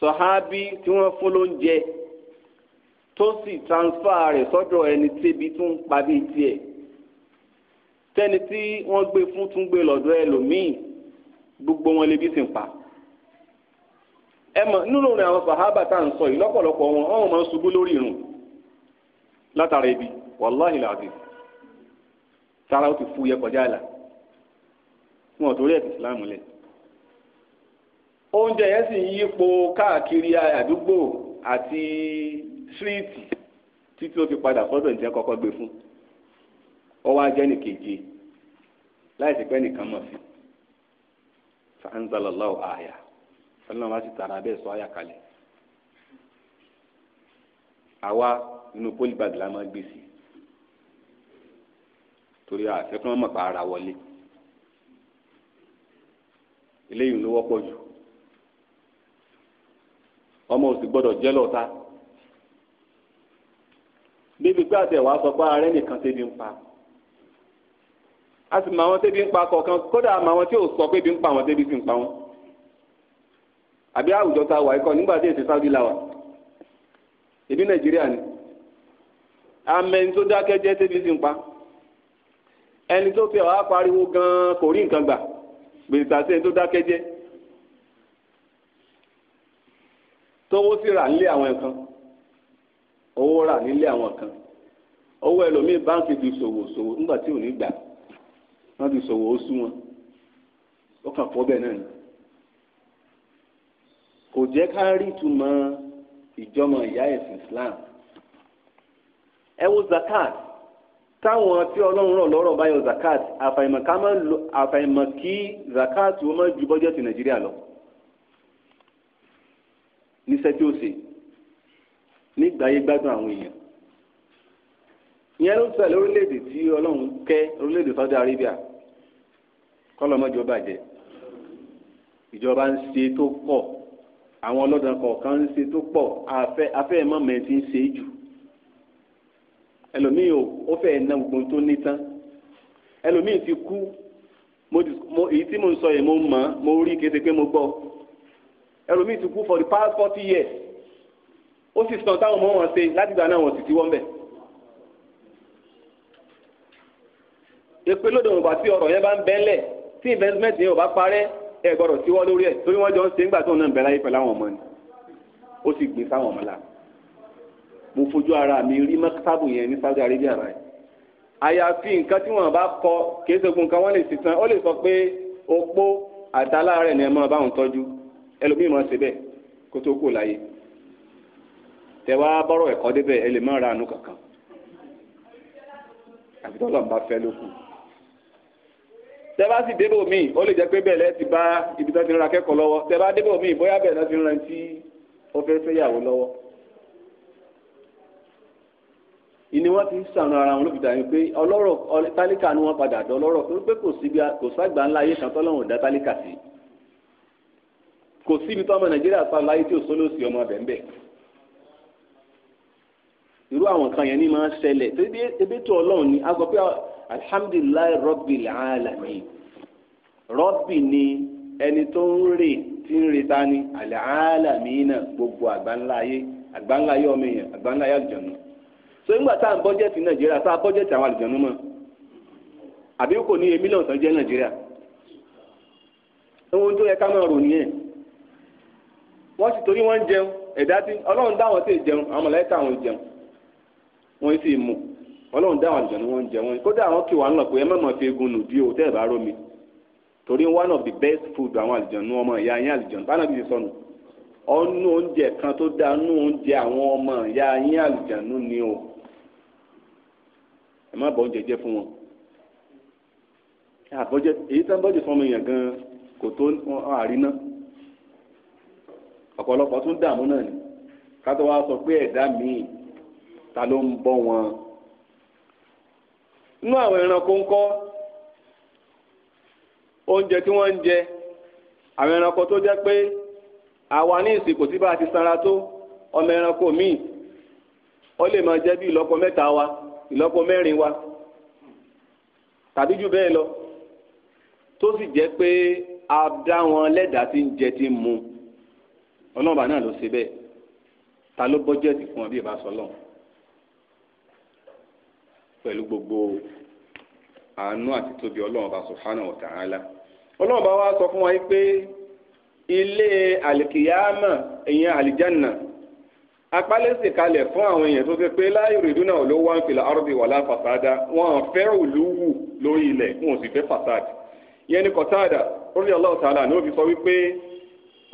sọ̀hábí tí wọ́n fún lóúnjẹ tó sì transfer rẹ̀ sọ́dọ̀ ẹni tẹ́bi tó ń pa bíi tiẹ̀ tẹ́ni tí wọ́n gbé fún tún gbé lọ́dọ̀ ẹlòmíì gbogbo wọn lè bí sì ń pa ẹ mọ̀ nínú rẹ̀ àwọn sọ̀hábà tá à ń sọ yìí lọ́pọ̀lọpọ̀ wọn ọ̀hún máa ń ṣubú lórí irun látara ibi wàláhì làdì sára ó ti fu yẹ kọjá àlà fún ọ̀tórí ẹ̀sìn ìsìláàmù lẹ̀ oúnjẹ yẹn sì ń yípo káàkiri àdúgbò àti síríìtì títí ó fi padà sọ́dọ̀ ìjẹ́ kọ́kọ́ gbé fún ọwọ́ ajẹ́ nìkejì láì sí pé nìkan mọ̀ sí sanzalallahu aya ọlọ́run wá sí tàrà bẹ́ẹ̀ sọ àyà kalẹ̀ àwa. nínú polybag la máa gbé sí torí àfẹ́ kí wọ́n mọ̀ pa ara wọlé eléyìí ló wọ́pọ̀ jù ọmọ òsì gbọ́dọ̀ jẹ́ lọ́ta débi pé àtẹ̀wá sọ pé ààrẹ nìkan tẹ́bi ń pa a sì mọ àwọn tẹ́bi ń pa kọ̀ọ̀kan kódà àmọ́ àwọn tí ò sọ pé bí ń pa àwọn tẹ́bi sì ń pa wọn àbí àwùjọ ta wà ikọ̀ nígbà tí èsì Saudi la wà ebi Nàìjíríà ni amẹni tó dákẹ́ jẹ́ tẹ́bi sí ń pa ẹni tó tẹ ọ̀há pariwo gan-an kò rí nǹkan gbà gbèsè àti ẹni tó dákẹ́ jẹ́ tówó sì rà nílé àwọn kan owó rà nílé àwọn kan owó ẹlòmíì báńkì ti ṣòwò ṣòwò nígbà tí ò ní gbà wọ́n ti ṣòwò ó sú wọn ó kàn fọ́ bẹ́ẹ̀ náà ni kò jẹ́ ká rí ìtumọ̀ ìjọmọ̀ ìyá ẹ̀sìn Islam ẹ wo zakat táwọn tí ọlọ́run rọ̀ lọ́rọ̀ bá yọ zakat àfàìmọ̀ kí zakat wọ́n máa ju bọ́jẹ́tì nàìjíríà lọ níṣẹ́ tí ó ṣe nígbà ayé gbádùn àwọn èèyàn ìyẹn ló ń sọ lórílẹ̀‐èdè tí ọlọ́run kẹ́ orílẹ̀‐èdè Saudi Arabia kọ́lọ́mọ́jọ bàjẹ́ ìjọba ń ṣe tó pọ̀ àwọn ọlọ́dàn kọ̀ọ̀kan ń ṣe tó pọ̀ afẹ́ afẹ́ mọ́mẹ́ ti ń ṣe jù ẹlòmíì ò ó fẹ́ na gbogbo tó ní tán ẹlòmíì ti kú mo èyí tí mo ń sọ yìí mo mọ̀ mo rí kété pé mo gbọ́ ẹlòmíì ti kú for the past forty years ó sì sàn táwọn ọmọ wọn ṣe láti gbà náà wọn sì ti wọ́n bẹ̀. èpè lóde òun bá tí ọ̀rọ̀ yẹn bá ń bẹ́ńlẹ̀ tí investment yẹn ò bá parẹ́ ẹ gbọ́dọ̀ tiwọ́ lórí ẹ̀ torí wọ́n jọ ń ṣe nígbà tó ń náà ń bẹ láyé pẹ̀lú àwọn ọmọ ni ó sì gbé sáwọn ọmọ láàbù mo fojú ara mi rí mọ́tàbù yẹn ní Saudi Arabia rẹ̀ àyàfi nǹkan tí wọ́n bá kọ kì í ṣe fún wọ́n lè sì tán ó lè sọ pé opó àtàláàrẹ̀ ni ẹ máa báwọn tọ́jú ẹlòmíì máa ṣe bẹ́ẹ̀ kó tó kù láyé tẹ̀wá bọ́rọ̀ ẹ̀kọ́ débẹ̀ ẹ lè má ra àánú kankan àfi tọ́lọ̀ ń bá fẹ́ ló kù tẹ́bá sì débò míì ó lè jẹ́ pé bẹ́ẹ̀ lẹ́ ti bá ibi tó ti ń ra akẹ́kọ̀ọ́ lọ́wọ́ tẹ́bá débò míì bóyá bẹ́ẹ̀ lọ́ ti ń rántí ó fẹ́ fẹ́yàwó lọ́wọ́ wọ́n ti sànù ara wọn lókùtà yìí pé ọlọ́rọ̀ tálíkà ni wọ́n padà dọ́ lọ́rọ̀ tó pé kò síbi kò ságbà ńlá ayé kan tọ́lọ́run dá tálíkà sí kò síbi tọ́mọ nàìjíríà sá láyé tí ò sólòsì ọmọ bẹ̀ńbẹ̀ irú àwọn kan yẹn ni máa ń ṣẹlẹ̀ tó ebi tó ọlọ́run ni a sọ pé alhamdulilayi rabbil alamin rọ́bì ni ẹni tó ń rè tí ń retá ni al alamin náà gbogbo àgbáńlá ayé àgbáńlá ayé ọmọ so nígbà tá à ń bọ́jẹ̀tì nàìjíríà tá a bọ́jẹ̀tì àwọn àlùjọ́nú mọ̀ àbí kò ní iye mílíọ̀nù tán jẹ́ nàìjíríà ohun tó yẹ ká máa rò nìyẹn wọ́n sì torí wọ́n ń jẹun ẹ̀dá tí ọlọ́run dáwọn sì won àwọn mọ̀lẹ́ta àwọn jẹun wọ́n sì mú ọlọ́run dáwọn àlùjọ́nú wọ́n ń jẹun kódà àwọn kì ń lọ pé ẹ fi egun nù bí o kan tó dáa oúnjẹ àwọn ọmọ ìyá yín ẹ má bọ́ fún wọn àbọ̀jẹ èyí tá ń bọ́jẹ̀ fún ọmọ gan-an kò tó àríná ọ̀pọ̀lọpọ̀ tún dààmú náà ni kátó wá sọ pé ẹ̀dá míì ta ló ń bọ́ wọn inú àwọn ẹranko ń oúnjẹ tí wọ́n ń jẹ àwọn ẹranko tó jẹ́ pé àwa ní ìsìnkú tí bá a ti sanra tó ọmọ ẹranko míì ó lè máa jẹ́ bí ìlọ́po mẹ́ta wa. ìlọ́po mẹ́rin wa tàbí jù bẹ́ẹ̀ lọ tó sì jẹ́ pé a dá wọn lẹ́dàá tí ń jẹ tí ń mu ọlọ́ọ̀bà náà ló ṣe bẹ́ẹ̀ ta ló bọ́jẹ́tì fún ọ bí ìbá sọlọ́n pẹ̀lú gbogbo àánú àti tóbi ọlọ́ọ̀bà subhanahu wa ta'ala ọlọ́ọ̀bà wa sọ fún wa pé ilé àlìkìyámà ìyẹn àlìjánà apálẹ́sì kalẹ̀ fún àwọn èèyàn tó ṣe pé láì rìndún náà ló wá ń filẹ̀ ardi wàlá fasada wọn fẹ́ òlúwù lórí ilẹ̀ wọn ò sì fẹ́ fasad ìyẹn ni kọ̀tàdà orí Allah ta'ala ní ó fi sọ wípé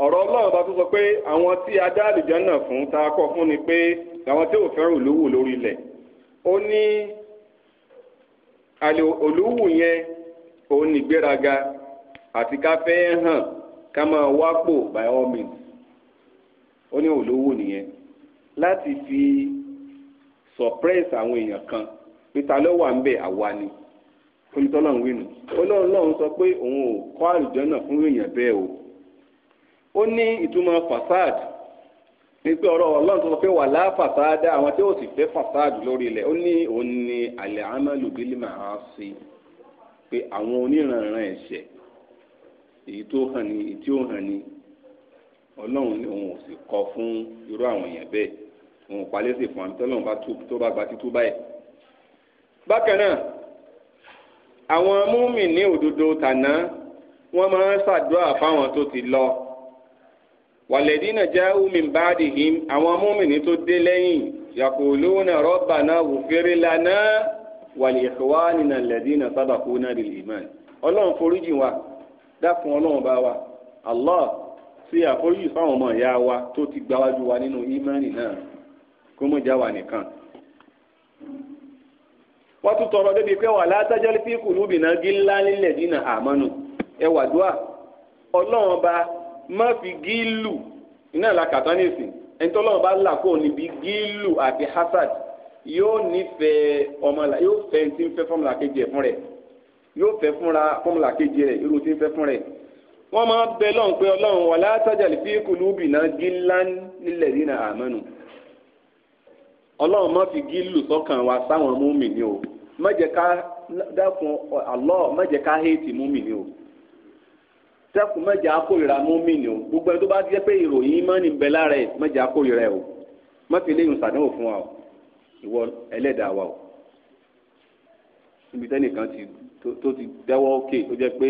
ọ̀rọ̀ ọlọ́run bá tún sọ pé àwọn tí a dá àlùjánnà fún ta kọ́ fún ni pé àwọn tí ò fẹ́ràn òlúwù lórí ilẹ̀ ó ní àlè òlúwù yẹn òun nìgbéraga àti ká hàn ká máa wápò by all means ó ní òlúwù nìyẹn láti fi surprise àwọn èèyàn kan peter lọ́wọ́ à ń bẹ̀ àwa ni onítọ́lọ́run wí nù ọlọ́run lọ́run sọ pé òun ò kọ́ àlùjọ́nà fún èèyàn bẹ́ẹ̀ o ó ní ìtumọ̀ fasad ní pé ọ̀rọ̀ ọlọ́run sọ pé wà lá fasada àwọn tí ó sì fẹ́ fasad lórí ilẹ̀ ó ní òun ni àlẹ́ amálùbílì máa ń ṣe pé àwọn oníranran ẹ̀ṣẹ̀ èyí tó hàn ní èyí tí ó hàn ní ọlọ́run ni òun ò sì kọ fún irú àwọn èèyàn bẹ́ẹ̀ òun palẹ́sì fún àmì tọ́lọ́run bá tó bá gba títú báyìí. bákan náà àwọn múmi ní òdodo tàná wọ́n máa ń ṣàdúrà fáwọn tó ti lọ wàlẹ́dínà jáwù min ba'dihim àwọn múmi ní tó dé lẹ́yìn yaquluna rabbana ighfir lana wa li ikhwanina alladhina sabaquna bil iman ọlọ́run foríjì wa dákun ọlọ́run bá wa Allah ṣe àforíjì fáwọn ọmọ ìyá wa tó ti gbáwájú wa nínú ìmánì náà kó mọ̀ já wà nìkan. wọ́n tún tọrọ débi pé wà látàjọ́lé fi kulubina gílá lílẹ̀ dínà àmọ́nù ẹ wà ọlọ́run ọba má fi gílù iná la kàtá nísìn ẹni tó ọlọ́run bá là kó níbi gílù àti hasad yóò nífẹ̀ẹ́ ọmọ yóò fẹ́ ti ń fẹ́ fọ́mùlà kejì ẹ̀ fún rẹ̀ yóò fẹ́ fúnra fọ́mùlà kejì rẹ̀ irú ti ń fẹ́ fún rẹ̀ wọ́n máa bẹ lọ́n pé ọlọ́run wà látàjọ́lé fi kulubina gílá lílẹ̀ dínà àmọ́nù ọlọ́run má fi gílù sọ́kàn wa sáwọn múmìnì o má jẹ́ ká dákun Allah má jẹ́ ká héètì múmìnì o sẹ́kù má jẹ́ akórira múmìnì o gbogbo ẹni tó bá jẹ́ pé ìròyìn ìmánì ń bẹ lára ẹ̀ má jẹ́ akórira ẹ̀ o má fi léyìn sàdánwò fún wa o ìwọ ẹlẹ́dàá wa o níbi tẹ́nìkan ti tó ti dẹ́wọ́ òkè tó jẹ́ pé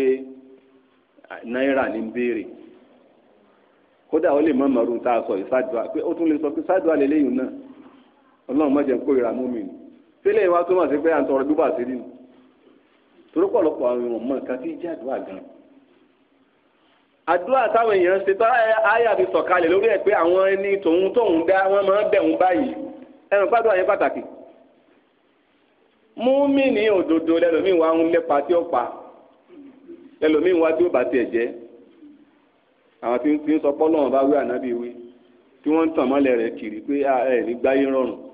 náírà ní béèrè kódà ó lè mọ̀ tá a sọ ìsáàdùá pé ó tún lè sọ pé sáàdùá lè léyìn náà ọlọ́run má jẹ́ ń kórìíra múmi ni tẹ́lẹ̀ ìwà tó mà sí pé à ń tọrọ gbígbà sí nínú torí pọ̀lọpọ̀ àwọn èèyàn mọ nǹkan tí ń jẹ́ àdúrà gan. àdúrà táwọn èèyàn ṣe tó àyà fi sọ̀kalẹ̀ lórí ẹ̀ pé àwọn ẹni tòun tóun dá wọ́n máa ń bẹ̀ wọ́n báyìí ẹnu gbádùn àyẹn pàtàkì. múmi ní òdodo lẹ́lòmíì wá ń lépa tí ó pa lẹ́lòmíì wá tí ó bá tiẹ̀ jẹ́ àwọn tí ń sọ pé Ọlọ́run bá wí ànábì wí tí wọ́n ń tàn mọ́lẹ̀ rẹ̀ kiri pé ẹ̀ ní gbáyé rọrùn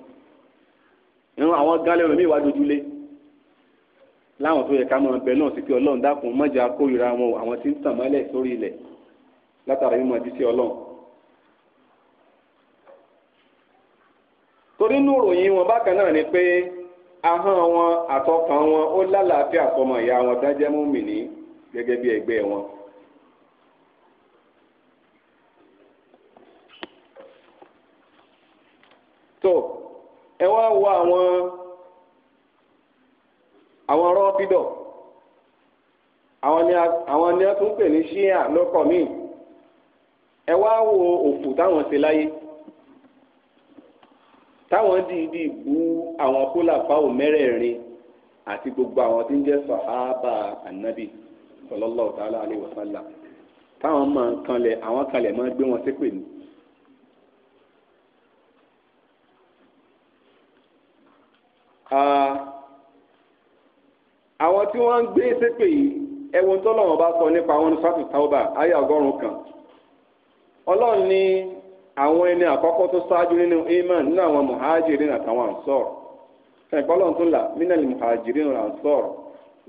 ìran àwọn gálẹ̀ omi wá dojúlé láwọn tó yẹ ká máa bẹ náà sí pé ọlọ́run dákun mọ́jà kórìíra wọn àwọn tí ń tàn mọ́lẹ̀ sórí ilẹ̀ látara mímọ́ ti sí ọlọ́run. torí inú ìròyìn wọn bákan náà ni pé ahọ́n wọn àtọkàn wọn ó lálàáfíà fọmọ ìyá wọn dájẹ́ mùmínì gẹ́gẹ́ bí ẹgbẹ́ wọn. tó. So, ẹ wá wo àwọn àwọn rọ́bìdọ̀ àwọn ni a tún pè ní ṣíà lọ́kọ̀ míì ẹ wá wo òfò táwọn ṣe láyé táwọn dìídì bú àwọn kólà fáwọn mẹ́rẹ̀ẹ̀rin àti gbogbo àwọn tí ń jẹ́ sàhábà ànábì sallallahu ta'ala alaihi wa sallam táwọn máa ń kanlẹ̀ àwọn kanlẹ̀ máa ń gbé wọn ṣépè ni àwọn tí wọ́n ń gbé sépè yìí ẹ̀wọ̀n tó bá sọ nípa àwọn onífàtò táwọ́bà ayé ọgọ́rùn kan ọlọ́run ní àwọn ẹni àkọ́kọ́ tó ṣáájú nínú iman nínú àwọn muhajirin àtàwọn ansor ẹ̀kọ́lọ́n tún là minal muhajirin ansor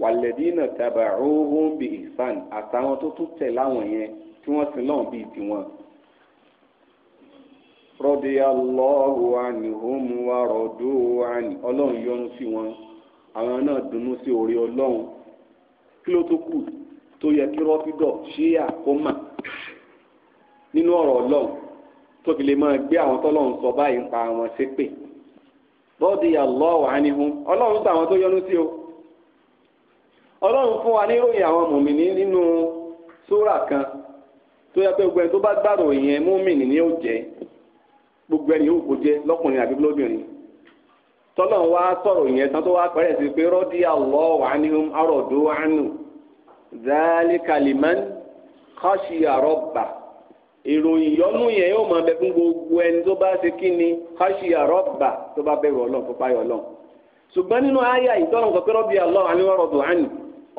wàlẹ́dínà tabaruhum bi ihsan àtàwọn tó tún tẹ̀ láwọn yẹn tí wọ́n sin lọ́wọ́ bíi tiwọn radiyallahu anhum wa radu anhu ọlọ́run yọ́nú sí wọn àwọn náà dùnnú sí orí ọlọrun kí ló tó kù tó yẹ kí rọ́fídọ̀ ṣíyà kó mà nínú ọ̀rọ̀ ọlọ́run tó fi lè máa gbé àwọn tọ́lọ́run sọ báyìí ń pa àwọn ṣépè radiyallahu anhum ọlọ́run sọ àwọn tó yọ́nú sí o ọlọrun fún wa níròyìn àwọn mùmìnì nínú súrà kan tó yẹ pé gbogbo ẹni tó bá gbàrò yẹn múmìnì ni ó jẹ́ gbogbo ẹni yóò kó jẹ lọ́kùnrin àbí lóbìnrin tọ́lọ̀ wá sọ̀rọ̀ yẹn tán tó wá pẹ́rẹ́ sí pé rọ́dí àlọ́ wàánihùn àròdó àánú zálíkàlìmán káṣí àrọ́bà ìròyìn yọnu yẹn yóò gbogbo ẹni tó bá ṣe kí ni àrọ́bà tó bá bẹ̀rù ọlọ́run tó ọlọ́run ṣùgbọ́n nínú sọ pé àròdó àánú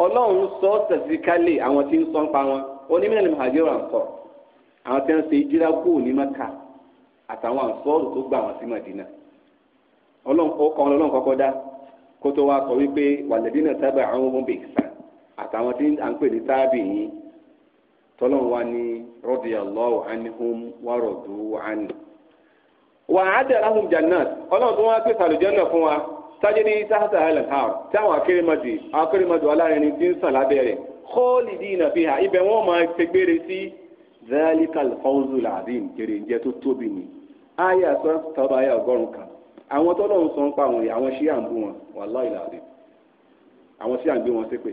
ọlọ́run sọ àwọn tí ń sọ ń pa wọn onímọ̀ àtàwọn àǹsọ́ọ̀rù tó gbà wọ́n sí màdínà ọkọ̀ ọlọ́run kọ́kọ́ dá kó tó wá sọ wípé wàlẹ́dínà sábà àwọn ọmọ bèèkìsà àtàwọn tí à ń pè ní táàbì yìí tọ́lọ́run wá ní radiyallahu anhum wa radu anhu. wà á dẹ̀ láhùn jannat ọlọ́run tó wá pè sàlùjẹ́nà fún wa sájẹ́dí sáhàtà al-anhar táwọn akérèmọdì akérèmọdì alárinrin ti ń sàn lábẹ́ rẹ̀ khalidina zalikal fawzul azim jèrèǹjẹ tó tóbi ni aya sọ tọba aya ọgọ́rùn kan àwọn tọ́lọ̀ ń sọ ń pa àwọn yìí àwọn ṣíà ń bú wọn wallahi alazim àwọn ṣíà ń gbé wọn ṣépè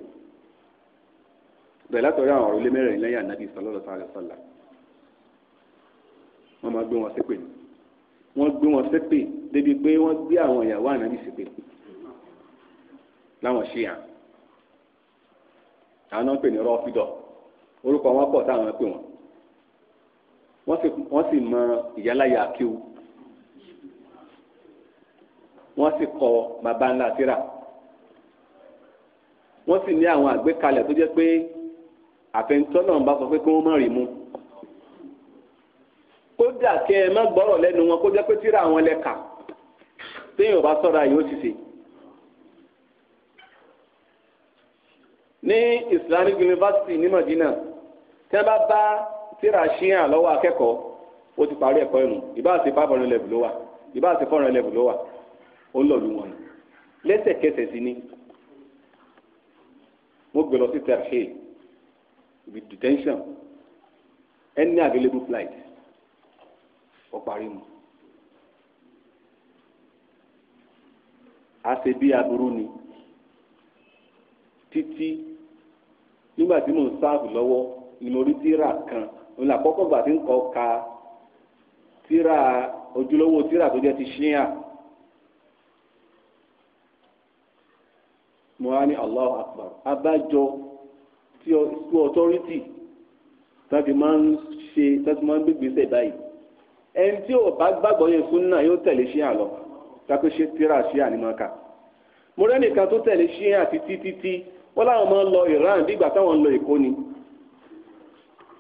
bẹ̀rẹ̀ látọ̀rí àwọn ọ̀rọ̀ ilé mẹ́rin lẹ́yìn ànábì sallallahu alaihi wasallam wọ́n máa gbé wọn ṣépè ni wọ́n gbé wọn ṣépè débi pé wọ́n gbé àwọn ìyàwó ànábì ṣépè láwọn ṣíà àwọn náà ń pè ní rọ́fídọ̀ orúkọ wọn pọ̀ táwọn ń pè wọn wọ́n sì wọ́n sì mọ ìyálàyà àkíw wọ́n sì kọ bàbá ńlá síra wọ́n sì ní àwọn àgbékalẹ̀ tó jẹ́ pé àfẹnutọ́ náà ń bá sọ pé kí wọ́n má rí mu kódà kẹ́ ẹ má gbọ́rọ̀ lẹ́nu wọn kó jẹ́ pé tíra àwọn lẹ́ka téèyàn bá sọ́ra yóò sì ṣe. ní Islamic University ní Madina tí wọ́n bá bá tíra ṣíyàn lọ́wọ́ akẹ́kọ̀ọ́ ó ti parí ẹ̀kọ́ ẹ̀nu ìbáàsì fáfọ̀rẹ́ lẹ́bù ló wà ìbáàsì fọ̀rẹ́ lẹ́bù ló wà ó ń lọ̀lú wọn lẹ́sẹ̀kẹsẹ̀ sí ni mo gbé lọ sí tẹ̀rẹ̀ṣẹ̀ ibi detention any available flight ó parí mu. àṣebí aburú ni títí nígbà tí mò ń sáàbù lọ́wọ́ ìmọ̀rí tíra kan òun làkọ́kọ́ gbà tí ń kọ ka tíra ojúlówó tíra tó jẹ́ ti ṣíyà mo wá ní allah Akbar abájọ tí school authority tàbí máa ń ṣe tàbí máa ń gbégbèsè báyìí ẹni tí ò bá gbàgbọ́ yẹn fún náà yóò tẹ̀lé ṣíyà lọ ṣe tíra ní mo tó tẹ̀lé lọ Iran bí ìgbà táwọn lọ Èkó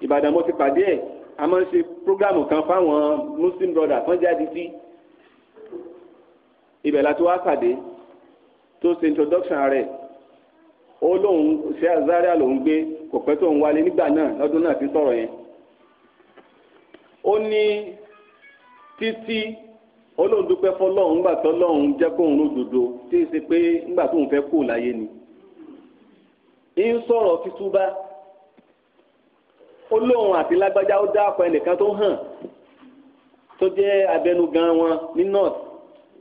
ìbàdàn mo ti pàdé ẹ̀ a máa ń ṣe prógámù kan fáwọn muslim brother kan jáde sí ibẹ̀ la tó wá pàdé tó ṣe introduction rẹ̀ ó lóun ṣe Zaria lòun gbé kò pẹ́ tó ń wálé nígbà náà lọ́dún náà ti sọ̀rọ̀ yẹn ó ní títí olóhùn dúpẹ́ fọlọ́hún ńgbà tọ́lọ́hún jẹ́ kóhun lódodo tí ì ṣe pé ńgbà tóun fẹ́ kú láyé ni ń sọ̀rọ̀ títúbá ó lóun àti lágbájá ó dáàpọ̀ ẹnìkan tó hàn tó jẹ́ abẹnugan wọn ní north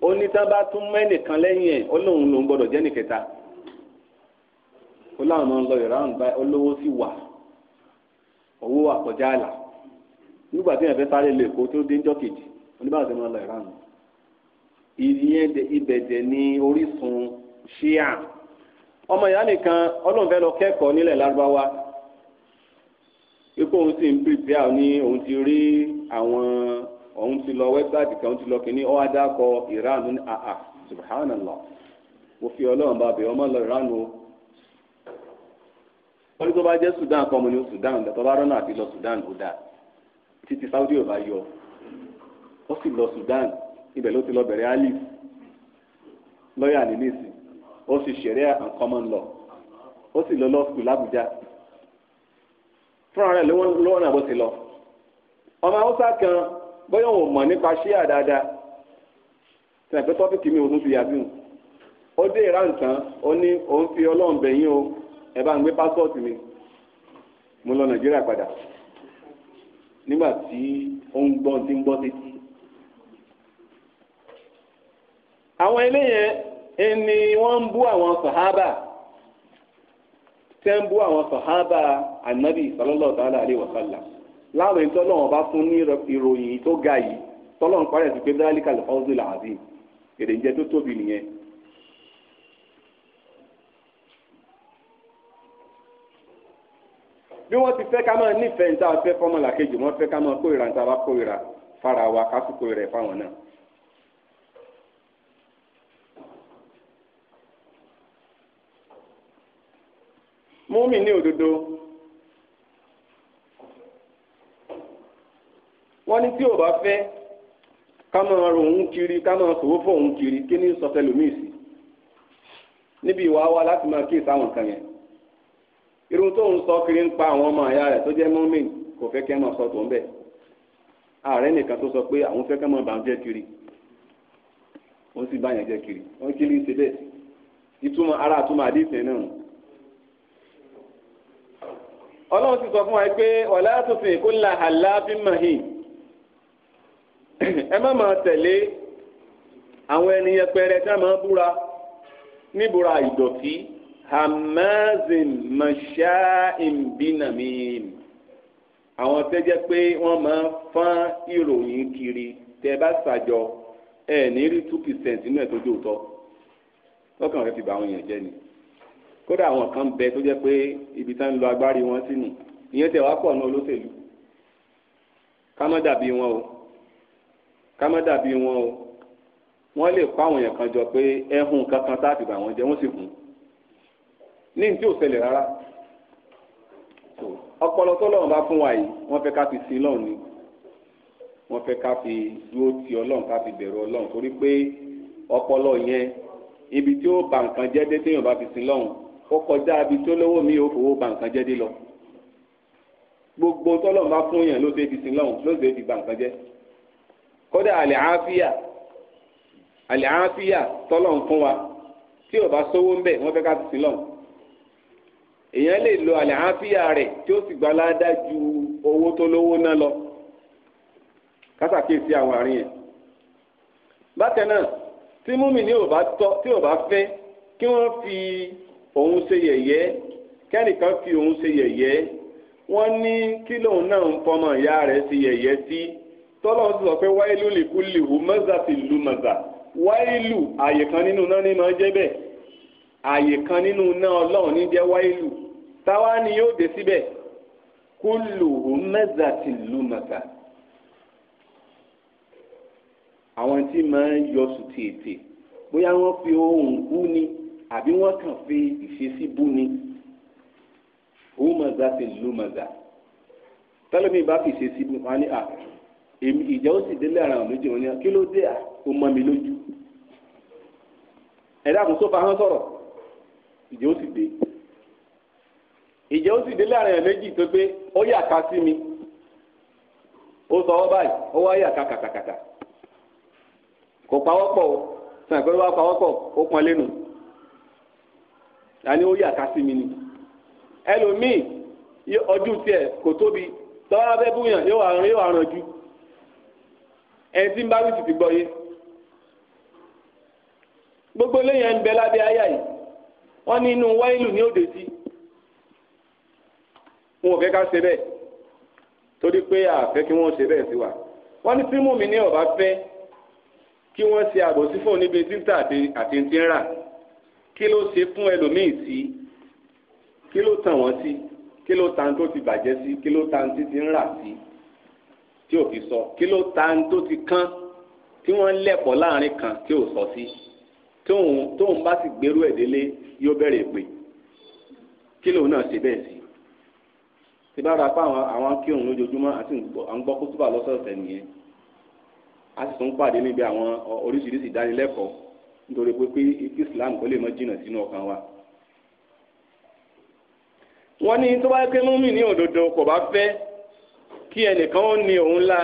ó ní tá a bá tún mọ́ ẹnìkan lẹ́yìn ẹ̀ ó lóun lòun gbọ́dọ̀ jẹ́ nìkẹta ó láwọn máa ń lọ yọ̀rọ̀ àwọn báyìí olówó sì wà owó àkọjá àlà nígbà tí yẹn fẹ́ sáré lè kó tó dé ńjọ́ kejì oníbàárà ti máa lọ yọ̀rọ̀ àwọn ìyẹn ibẹ̀ dẹ̀ ní orísun ṣíà ọmọ ìyá nìkan ọlọ́run fẹ́ lọ kẹ́kọ̀ọ́ nílẹ̀ lárúbáwá pípé òun sì ń pèpè àwọn ní òun ti rí àwọn òun ti lọ wẹ́bsáìtì kan òun ti lọ kínní ọ́ adákọ̀ Iran ní àhà subhanallah mo fi ọlọ́run bá bẹ̀ ọmọ lọ Iran o wọ́n ní tó bá jẹ́ Sudan kan mo ní Sudan tó bá rọ́nà àti lọ Sudan ó dáa títí Saudi ò bá yọ ó sì lọ Sudan ibẹ̀ ló ti lọ bẹ̀rẹ̀ alif lọ́ọ̀yà nílẹ̀ sí ó sì ṣẹ̀rẹ́ and common law ó sì lọ law school l'Abuja fúnra rẹ̀ lọ́wọ́ náà bó ti lọ ọmọ haúsá kan bóyá òun mọ̀ nípa ṣíà dáadáa tẹ̀lé pé tọ́pìkì mi ò tún fi yàgbé hù ó dé ìran tán ó ní òun fi ọlọ́run bẹ̀yìn o ẹ bá ń gbé pásọ̀tì mi mo lọ nàìjíríà padà nígbà tí ó ń gbọ́ ti ń gbọ́ títí. àwọn eléyẹn ni wọ́n ń bú àwọn sàhábà. tẹ́ ń bú àwọn sàhábà ànábì sallallahu ta'ala alaihi wa sallam láwọn ẹni tọ́lọ́wọ́n bá fún ní ìròyìn tó ga yìí tọ́lọ́wọ́n parí ẹ̀sìn pé dáríkà lè fọ́ọ́sì làásì èdè ìjẹ́ tó tóbi nìyẹn. bí wọ́n ti fẹ́ ká máa nífẹ̀ẹ́ níta fẹ́ fọ́mọ́là kejì wọ́n fẹ́ ká máa kórìíra níta bá kórìíra fara wa ká sì kórìíra ẹ̀ fáwọn náà. múmi ní òdodo wọn ní tí ò bá fẹ ká máa kiri ká máa sòwò fún kiri kí ní sọ tẹlómi sí níbi ìwà wa láti máa kíyèsí àwọn kan yẹn irun tó ń sọ kiri ń pa àwọn ọmọ àyà tó jẹ múmi kò fẹ kẹ́ máa sọ tó ń bẹ sọ pé àwọn fẹ́ kẹ́ kiri òun kiri ara àtumọ̀ àdìsẹ́ náà ọlọ́run ti sọ fún wa pé ọ̀la tuntun ìkólà àlábí mahin ẹ má máa tẹ̀lé àwọn ẹni yẹpẹrẹ tá a máa búra níbúra ìdọ̀tí hamazin mashaim binamim àwọn tẹ́ jẹ́ pé wọ́n máa fán ìròyìn kiri tẹ́ bá ṣàjọ ẹ̀ ní rí two percent nínú ẹ̀ tó dé òótọ́ tọkàn rẹ ti bà àwọn èèyàn jẹ́ ni kódà àwọn kan bẹ tó jẹ́ pé ibi tá ń lo agbárí wọn sí nù ìyẹn tẹ̀ wá pọ̀ ní olóṣèlú ká má dàbí wọn o ká má dàbí wọn o wọ́n lè kó àwọn èèyàn kan jọ pé ẹ̀hún kankan tá a ti bà wọ́n jẹ wọ́n sì hùn ní ní tí ò ṣẹlẹ̀ rárá ọpọlọ tó lọ́run bá fún wa yìí wọ́n fẹ́ ká fi sin lọ́run ni wọ́n fẹ́ ká fi dúró ti ọlọ́run ká fi bẹ̀rù ọlọ́run torí pé ọpọlọ yẹn ibi tí ó bà nǹkan jẹ́ dé téèyàn bá fi sin lọ́run ó kọjá abi tó lówó mi ò fowó ba nǹkan jẹ́ dé lọ gbogbo tọ́lọ̀ bá fún yàn ló ṣe fi sin lọ́hùn ló ṣe fi ba nǹkan jẹ́ kódà àlẹ́ àáfíà àlẹ́ àáfíà tọ́lọ̀ ń fún wa tí ò bá sówó ń bẹ̀ wọ́n fẹ́ ká fi sin lọ́hùn èèyàn lè lo àlẹ́ àáfíà rẹ̀ tí ó sì gbalá dájú owó tó lówó náà lọ kásàkíyèsí àwọn àárín yẹn bákan náà tí múmi ní ò bá tọ́ tí ò bá fẹ́ kí wọ́n fi òun ṣe yẹ̀yẹ́ kẹ́nìkan fi òun ṣe yẹ̀yẹ́ wọ́n ní kí lòun náà ń fọmọ ìyá rẹ̀ ṣe yẹ̀yẹ́ sí tọ́lọ́ ti sọ pé wáìlú lìkúlì hù mọ́zà ti lù mọ́zà wáìlù àyè kan nínú náà ní máa jẹ́ bẹ́ẹ̀ àyè kan nínú náà ọlọ́run ní jẹ́ wáìlù táwa ni yóò dé síbẹ̀ kúlù hù mọ́zà ti lù mọ́zà àwọn tí máa ń yọ sùn tètè bóyá wọ́n fi ohùn kú ni. àbí wọ́n kàn fi ìṣesí bú ni òun mọ̀gá ti lù mọ̀gá tẹ́lẹ̀mí bá fi ìṣesí bú wọn ni à èmi ìjà ó sì délé ara lójú wọn ni kí ló dé à ó mọ mi lójú ẹ̀dá kò sófa hàn sọ̀rọ̀ ìjà ó sì dé ìjà ó sì délé ara yẹn méjì tó pé ó yà ká sí mi ó sọ ọ báyìí ó wá yà ká kàkàkàkà kò pawọ́pọ̀ o sàn pé ó wá pawọ́pọ̀ ó pọn lẹ́nu àní ó yàtá sí mi ni ẹlòmíì ọdún tiẹ̀ kò tóbi tọ́wọ́ abẹ́ búyàn yóò àrùn yóò àrùn jù ẹni tí ń bá wíìsì ti gbọ́ yé gbogbo eléyàn ń bẹ lábẹ́ àyà yìí wọ́n ní inú wáìlù ní òde sí wọn ò fẹ́ ká ṣe bẹ́ẹ̀ torí pé àfẹ́ kí wọ́n ṣe bẹ́ẹ̀ sí wa wọ́n ní símù mi ní ọ̀bá fẹ́ kí wọ́n ṣe àbòsí níbi títà àti àti ń rà kí ló ṣe fún ẹlòmíì sí kí ló tàn wọ́n sí kí ló tan tó ti bàjẹ́ sí kí ló tan tí ti ń rà sí tí ò fi sọ kí ló tan tó ti kán tí wọ́n ń lẹ̀pọ̀ láàrin kan tí ò sọ sí tóun tóun bá sì gbèrú ẹ̀ délé yóò bẹ̀rẹ̀ pé kí lòun náà ṣe bẹ́ẹ̀ sí tí bá ra pa àwọn àwọn kí òun lójoojúmọ́ àti à ń gbọ́ kótóbà lọ́sọ̀ọ̀sẹ̀ nìyẹn a sì tún pàdé níbi àwọn oríṣiríṣi ìdánilẹ́kọ̀ọ́ nítorí pé pé islam kò lè mọ jìnnà sínú ọkàn wa. wọ́n ní tó bá pé múmi ní òdodo kò bá fẹ́ kí ẹnìkan ó ní òun la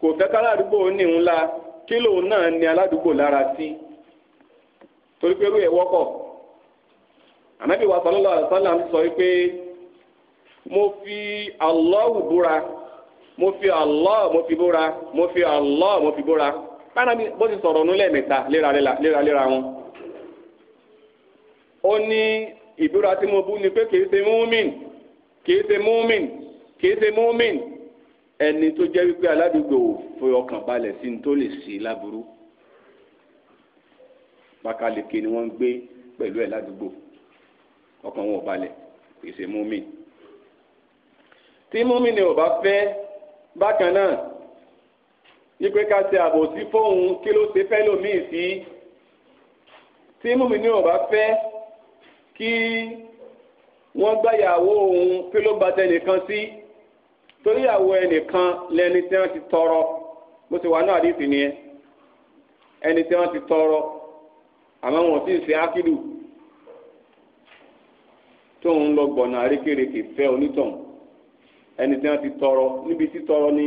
kò fẹ́ káládùúgbò ó ní òun la kí lòun náà ní aládùúgbò lára sí torí pé irú ẹ̀ wọ́pọ̀ ànábì wa sallallahu alaihi wasallam sọ wípé mo fi Allahu búra mo fi Allah mo fi búra mo fi Allah mo fi búra bánabi bó ti sọ̀rọ̀ nú lẹ́ẹ̀mẹ́ta léraléra wọn. ó ní ìbúra tí mo bú ni pé kìí ṣe múmin kìí ṣe múmin kìí ṣe múmin ẹni tó jẹ́ wípé aládùúgbò fi ọkàn balẹ̀ sí ní tó lè ṣe láburú pákáleke ni wọ́n ń gbé pẹ̀lú ẹ̀ ládùúgbò ọkàn wọn ò balẹ̀ kìí ṣe múmin tí múmin ni ò bá fẹ́ bákan náà yípe ká ṣe àbòsí fóun kí ló ṣe fẹ́ lòmíì sí tí mùmí ní ọ̀bá fẹ́ kí wọ́n gbáyàwó òun kí ló gba tẹnìkan sí torí àwọ ẹnìkan lẹni tí wọ́n ti tọrọ bó ti wà náà àdìsí nìyẹn ẹni tí wọ́n ti tọrọ àmọ́ wọn sì ń ṣe ákídù tó ń lọ gbọ̀nà àrékèrèké fẹ́ onítọ̀hún ẹni tí wọ́n ti tọrọ níbi títọrọ ní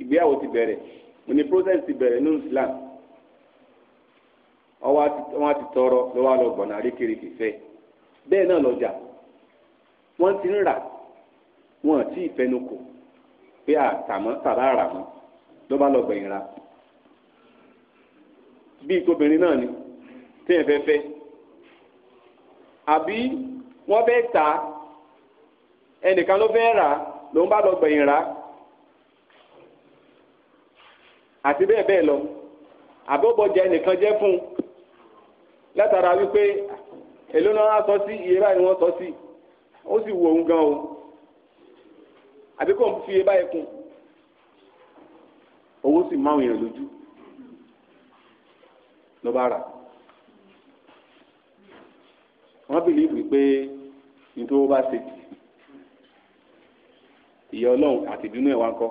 ìgbéyàwó ti bẹ̀rẹ̀ mo ní process ti bẹ̀rẹ̀ nínú Islam wọ́n á ti tọrọ lọ́wọ́ àlọ́gbọ̀nà àríkèrèkè fẹ́ bẹ́ẹ̀ náà lọ́jà wọ́n ti ń rà wọ́n ti ìfẹnukò pé àtàmọ́ tàbá àràmọ́ ló bá lọ gbẹ̀yìn ra bíi tóbìnrin náà ni téèyàn fẹ́ àbí wọ́n fẹ́ ta ẹnìkan ló fẹ́ rà ló ń ra àti bẹ́ẹ̀ bẹ́ẹ̀ lọ àbọ̀bọ̀jà ẹnìkan jẹ́ fún un látara wípé èló náà wọ́n sọ sí iye báyìí wọ́n sọ sí ó sì wù òun gan o àbí kò ń fi iye báyìí kún owó sì máa ń lójú ló bá rà wọ́n bìlíìfù pé nítorí wọ́n bá ṣe ìyá ọlọ́run àti ìdùnnú ẹ̀ wá ń kọ́.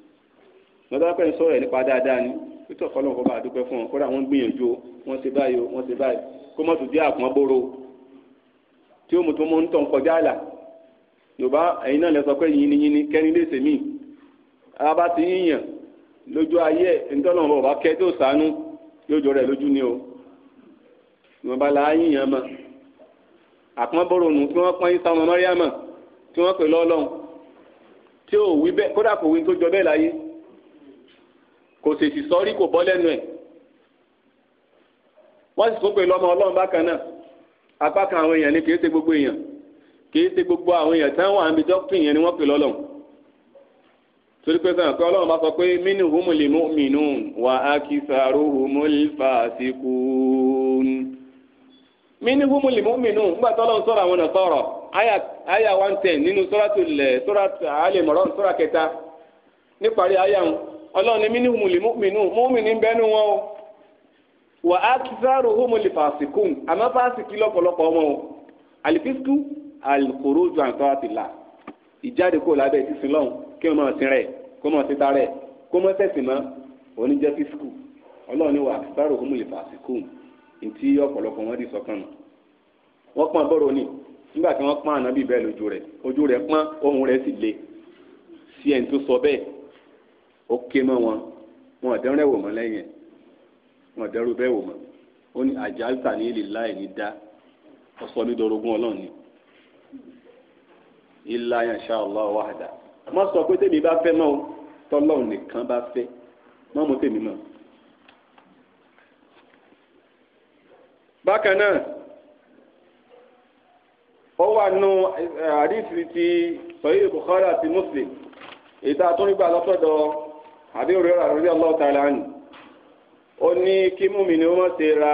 lọ́dọ̀ pẹ́ ń sọ̀rọ̀ ẹ̀ nípa dáadáa ni pété ọ̀kọ́lọ́n kọ́ bá dúpẹ́ fún wọn kódà wọ́n gbìyànjú wọ́n ṣe báyìí wọ́n ṣe báyìí kó mọ̀tò jẹ́ àpọ́n bóró tí ó mú tó mú ń tàn kọjá àlà yorùbá ẹ̀yin náà lẹ sọ pé yìnyín yìnyín kẹ́rin lè sèmí abá ti yíyàn lójú ayé ntọ́nà bàbá kẹ́ tó sànú yóò jọ rẹ̀ lójú ni o yorùbá là á yíyàn mọ́ àpọ́n bóró nù tí wọ́n pọ́n yín sáwọn mọ́ríàmọ́ tí wọ́n pè lọ́lọ́run tí ò wí bẹ́ẹ̀ kódà kò wí tó jọ bẹ́ẹ̀ láyé kò sèṣì sọrí kò bọ́ lẹ́nu ẹ̀ wọ́n sì tún pè lọ́mọ ọlọ́run bákan náà apá kan àwọn èèyàn ni kì í gbogbo èèyàn kì í ṣe gbogbo àwọn èèyàn tán wà níbi dọ́kítì yẹn ni wọ́n pè lọ́lọ́run torí pé sọ̀rọ̀ pé ọlọ́run bá sọ pé mínú mú wà á kí mínú ọlọ́run sọ̀rọ̀ ọlọ́run èmi ní humuli mọ́mìnú mọ́mìnú bẹ́nu wọn o wà á kí sáàrò humuli fàásìkùn àmọ́ fàásìkì lọ́pọ̀lọpọ̀ wọn o àlìfíṣkù àlùkòrò ju àǹtọ́ àtìlà ìjáde kó lábẹ́ ìsísìn lọ́hùn kí wọ́n máa sin rẹ̀ kó máa sin tarẹ̀ kó máa tẹ̀sìn mọ́ oníjẹ́ fíṣkù ọlọ́run ní wà á kí sáàrò humuli fàásìkùn ntí ọ̀pọ̀lọpọ̀ wọn di sọ́kàn nù wọ́n pọ́n bọ́rọ̀ ni nígbà tí wọ́n pọ́n ànábì bẹ́ẹ̀ lójú rẹ̀ ojú rẹ̀ pọ́n ohùn rẹ̀ sì le sí ẹni tó sọ bẹ́ẹ̀ ó ké mọ́ wọn wọn ọ̀dẹ́rún rẹ̀ wò mọ́ lẹ́yìn wọn ọ̀dẹ́rún bẹ́ẹ̀ wò mọ́ ó ní àjálùtà ní ilé láì ní dá ọsọ mi dorogún ọlọ́run ni ilá yànṣá Allah wahda má sọ pé tèmi bá fẹ́ mọ́ o tọ́lọ́run nìkan bá fẹ́ mọ́ mo tèmi mọ́. bákan náà ó wà nù àdìsí eh, ti sọyìn Bukhari àti Muslim èyí tá a lọ́sọ̀dọ̀. àbí òrìrà rẹ̀ radiyallahu ta'ala ni ó ní kí múmi ni ó mọ̀ ra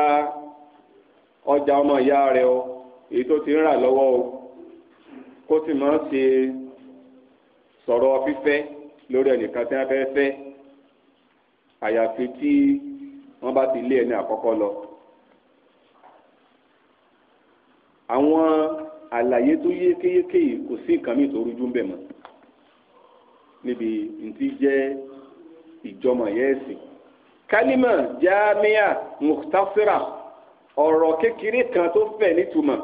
ọjà ọmọ ìyá rẹ̀ o èyí tó ti ń rà lọ́wọ́ o kó sì ma ṣe sọ̀rọ̀ fífẹ́ lórí ẹnìkan tí wọ́n fẹ́ fẹ́ àyàfi tí wọ́n bá ti lé lọ. àwọn àlàyé tó yékéyéké yìí kò sí nǹkan mi tó rújú ń bẹ̀ mọ́ níbi ntí ìjọmọ yẹn ẹ̀sìn kálímà jámíà mùtásírà ọ̀rọ̀ kékeré kan tó fẹ̀ nítumọ̀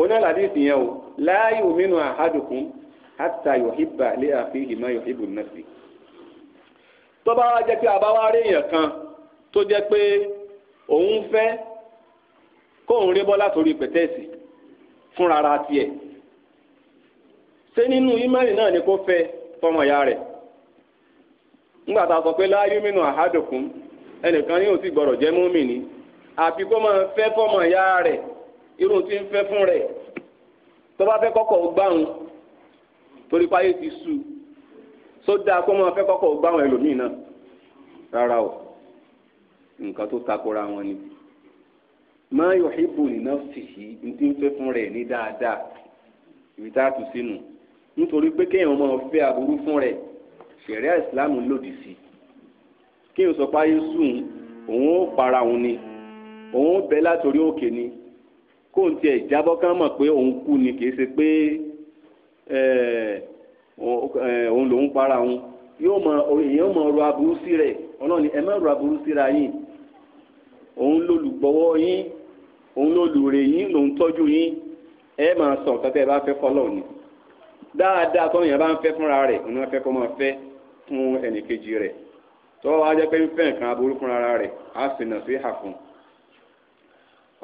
onílàdí ìsìnyẹn o láàyè òmìnira àhádùkún àtà yòhìbà lé àfihì má yòhìbù nàfì. tọ́ba wa jẹ́ pé àbáwá rí èèyàn kan tó jẹ́ pé òun fẹ́ kóun rí bọ́lá torí pẹ̀tẹ́ẹ̀sì fúnra ra tiẹ̀ ṣé nínú ìmọ̀lì náà ni kò fẹ́ fọmọ ìyá rẹ̀ nígbà tá a sọ pé láyé mínú àhádòkun ẹnìkan yóò sì gbọ́dọ̀ jẹ́ mùmínì àfi kó máa fẹ́ fọ́mọ ìyá rẹ̀ irú tí ń fẹ́ fún rẹ̀ tó bá fẹ́ kọ́kọ́ gbáhùn torí páyé ti sú só dáa kó máa fẹ́ kọ́kọ́ gbáhùn ẹlòmíì náà rárá o nǹkan tó takora wọn ni máa yọ ìbò nínà fìhí ntí ń fẹ́ fún rẹ̀ ní dáadáa ìrìtà tù sínú nítorí pé kéèyàn máa fẹ́ aburú fún rẹ̀ ṣẹ̀ríà ìsìláàmù lòdì sí kí n sọ pé ayé sùn òun ó para òun ni òun ó bẹ látòrí òkè ni kó n tiẹ̀ jábọ́ kán mọ̀ pé òun kú ni kì í ṣe pé òun lòun para òun yóò mọ èèyàn mọ ọ̀rọ̀ aburú sí rẹ̀ ọlọ́ni ẹ má ọ̀rọ̀ aburú síra yín òun lólùgbọ́wọ́ yín òun lólùrè yín lòun tọ́jú yín ẹ máa sọ nǹkan tẹ́ ẹ bá fẹ́ fọlọ́ ni dáadáa tọ́yìn bá ń fẹ́ fúnra rẹ̀ òun á fẹ́ kó máa fẹ́ fún ẹnìkejì rẹ̀ tó wá jẹ́ pé ń fẹ́ nǹkan aburú fún rẹ á sì nà sí àfún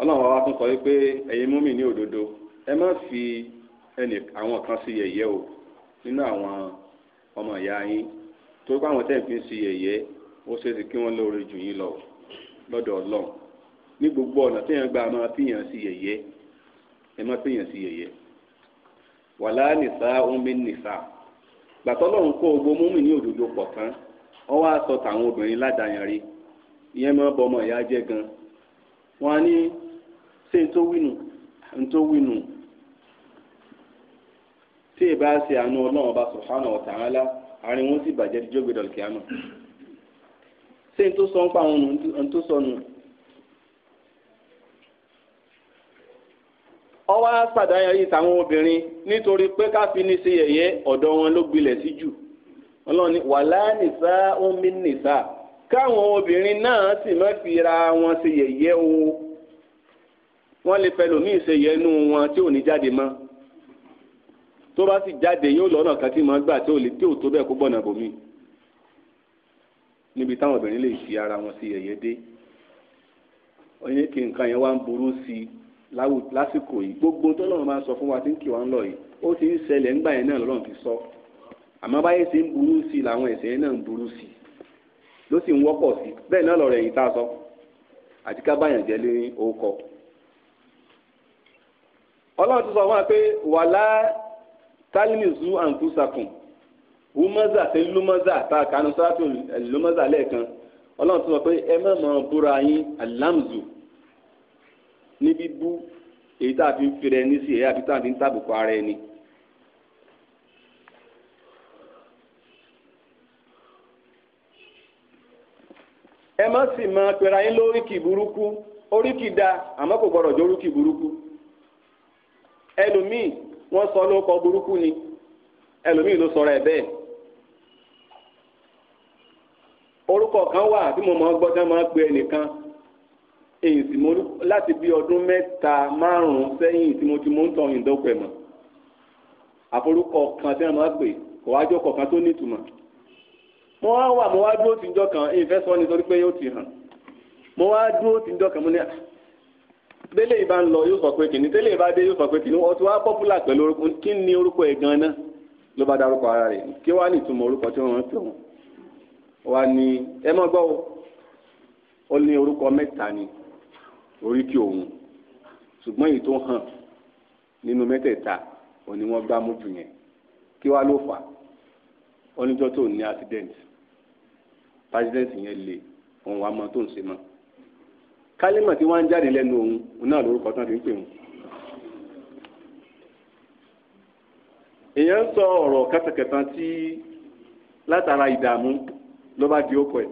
ọlọ́run wa tún sọ wípé ẹ̀yin mi ní òdodo ẹ má fi ẹnì àwọn kan sí yẹyẹ o nínú àwọn ọmọ ìyá yín tó bá wọn tẹ̀ ń fi sí yẹ̀yẹ́ ó ṣeé ṣe kí wọ́n lóore jù yín lọ lọ́dọ̀ ọlọ́run ní gbogbo ọ̀nà téèyàn gba máa fìyàn sí yẹ̀yẹ́ ẹ má fìyàn sí yẹyẹ wàlá nìsa omi nìsa gbàtọ́lọ́hún kó ogbó múmi ní òdodo pọ̀ tán wọ́n wá sọ tàwọn obìnrin ládàáyanrí ìyẹn máa bọ ọmọ ìyá jẹ́ gan wọn ní ṣé n tó n tó wínú tí ì bá ṣe àánú ọlọ́run ọba subhanahu wa ta'ala àárín wọn sì bàjẹ́ kíámà ọwọ́ àpàdáyà yìí táwọn obìnrin nítorí pé ká fi ní sí yẹ̀yẹ́ ọ̀dọ̀ wọn ló gbilẹ̀ sí jù ọlọ́run ni wàlá nìsá omi nìsá káwọn obìnrin náà sì má fi ra wọn sí yẹ̀yẹ́ o wọ́n lè fẹ́ lòmíì ṣe yẹnu wọn tí ò ní jáde mọ́ tó bá sì jáde yóò lọ́nà kan tí màá gbà tí ò lè tí ò tó bẹ́ẹ̀ kó gbọ̀nà bòmí níbi táwọn obìnrin lè fi ara wọn sí yẹ̀yẹ́ dé oyin kí nǹkan yẹn wá ń burú sí i lásìkò yìí gbogbo tọ́lọ́run máa sọ fún wa tí ń kì wá ń lọ yìí ó ti ń ṣẹlẹ̀ ńgbà yẹn náà lọ́rùn ti sọ àmọ́ báyé ṣe ń burú sí i làwọn ẹ̀ṣẹ̀ yẹn náà ń burú sí i ló sì ń wọ́pọ̀ sí i bẹ́ẹ̀ náà lọ̀rọ̀ èyí tá a sọ àti ká báyàn jẹ́ lé orúkọ. ọlọ́run ti sọ fún wa pé wàlá tálímìzú àǹkúsàkùn wúmọ́zà tẹ lúmọ́zà tá a kànú sọ́dọ̀ lúmọ́zà lẹ́ẹ̀kan níbí bú èyí tá a fi ń fèrè ẹni sí èyí àbí tá a ń tàbùkù ara ẹni. ẹ má sì máa pera yín lóríkì burúkú oríkì da àmọ́ kò gbọ́dọ̀ oríkì burúkú ẹlòmíì wọ́n sọ lóko burúkú ni ẹlòmíì ló sọ̀rọ̀ bẹ́ẹ̀ orúkọ kan wà tí mo èyí tí mo láti bí ọdún mẹ́ta márùn-ún sẹ́yìn tí mo ti mú ń mọ́ àforúkọ kan kan tó nítumọ̀ mo wá wà mo wá dúró tí ń jọ kan èyí fẹ́ sọ nítorí pé yóò ti hàn mo wá dúró tí ń jọ kan mo ní délé ah, ìbá ń lọ yóò sọ ni orúkọ ẹ̀ gan náà ló bá ara rẹ̀ kí wá ní ìtumọ̀ orúkọ tí wọ́n wá oríkì òun ṣùgbọ́n èyí tó hàn nínú mẹ́tẹ̀ẹ̀ta òní wọ́n gbá mú jù yẹn kí wàá ló fà ọ́nìjọ́ tó ní accident president yẹn le òun wàá mọ tó ń ṣe mọ́ kálímà tí wọ́n ń jáde lẹ́nu òun náà lórúkọ tán fi ń pè wọ́n. èèyàn ń sọ ọ̀rọ̀ kẹtàkẹtà tí látara ìdààmú ló bá di ó pẹ̀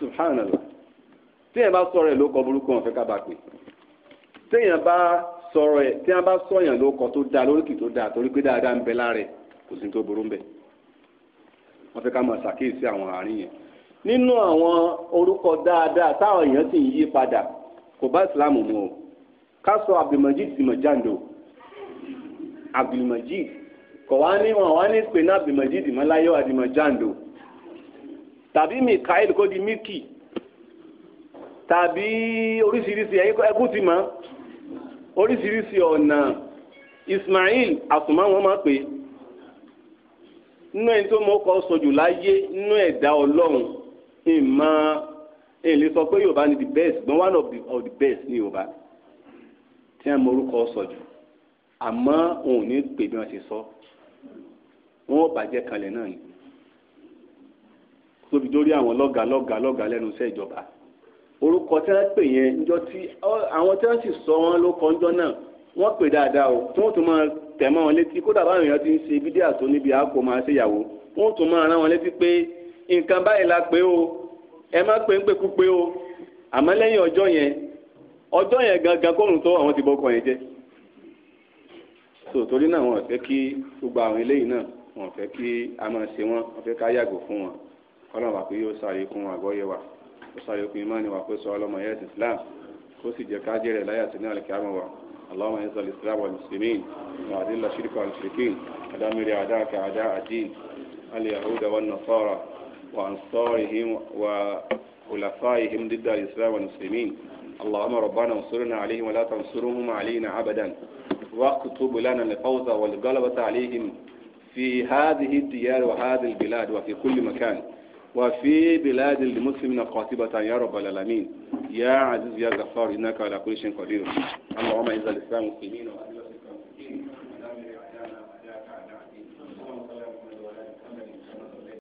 subhanallah téèyàn bá sọ̀rọ̀ ẹ̀ ló kọ burúkú wọn fẹ́ ká bá pè téèyàn bá sọ̀rọ̀ ẹ̀ téèyàn bá sọ̀yàn ló kọ tó dáa lóríkì tó dáa torí pé dáadáa ń bẹ lára kò sí tó burú ń bẹ wọn fẹ́ ká máa ṣàkíyèsí àwọn àárín yẹn nínú àwọn orúkọ dáadáa táwọn èèyàn sì ń yí padà kò bá ìsìlámù mu o ká sọ Abdulmajid sì mọ̀ jáǹdò Abdulmajid kò wá ní wọn wá ní pé ní Abdulmajid mọ́ láyé Abdulmajando tàbí Mikael kó di Miki tàbí oríṣiríṣi ẹkún ti mọ̀ oríṣiríṣi ọ̀nà Ismail àtùmọ̀ wọn máa pè nínú ẹni tó mọ̀ kọ́ sọ̀jù láyé nínú ẹ̀dá ọlọ́run ìmọ̀ èlé sọ pé Yorùbá ni the best gbọ́n one of the, of the best ní Yorùbá tí wọ́n mọ orúkọ sọ̀jù àmọ́ òun ní pè bí wọ́n ṣe sọ wọ́n ò bàjẹ́ kalẹ̀ náà ni tóbi dórí àwọn lọ́gàá lọ́gàá lọ́gàá lẹ́nu iṣẹ́ ìjọba orúkọ tí wọ́n pè yẹn níjọ́ tí àwọn tí wọ́n sì sọ wọn ló kọ níjọ́ náà wọ́n pè dáadáa o tí wọ́n tún máa tẹ̀ mọ́ wọn létí kódà báwọn èèyàn ti ń ṣe bídíà tó níbi àákò máa ṣèyàwó wọ́n tún máa rán wọn létí pé nǹkan báyìí la pé o ẹ má pé ń pé kú pé o àmọ́ lẹ́yìn ọjọ́ yẹn ọjọ́ yẹn gangan kóòrùn tó àwọn ti bọ́ ọkọ̀ yẹn jẹ́ so torí náà wọn ò fẹ́ kí gbogbo àwọn eléyìí náà wọn ò fẹ́ kí a máa ṣe wọn wọn fẹ́ ká yàgò fún wọn ọlọ́run àpé yóò sáré fún wọn àgọ́yẹ̀wà. kó ṣàlékún ìmánì wa kó sọ ọlọ́mọ ẹ̀yẹ́ ti Islam kó اللهم انزل الإسلام والمسلمين وأذل الشرك والمشركين ودمر أعداءك أعداء الدين اليهود والنصارى وأنصارهم وخلفائهم ضد الإسلام والمسلمين اللهم ربنا انصرنا عليهم ولا تنصرهم علينا أبدا واكتب لنا الفوز والغلبة عليهم في هذه الديار وهذه البلاد وفي كل مكان وفي بلاد المسلمين قاطبة يا رب العالمين يا عزيز يا غفار إنك على كل شيء قدير اللهم إذا الإسلام المسلمين وأمين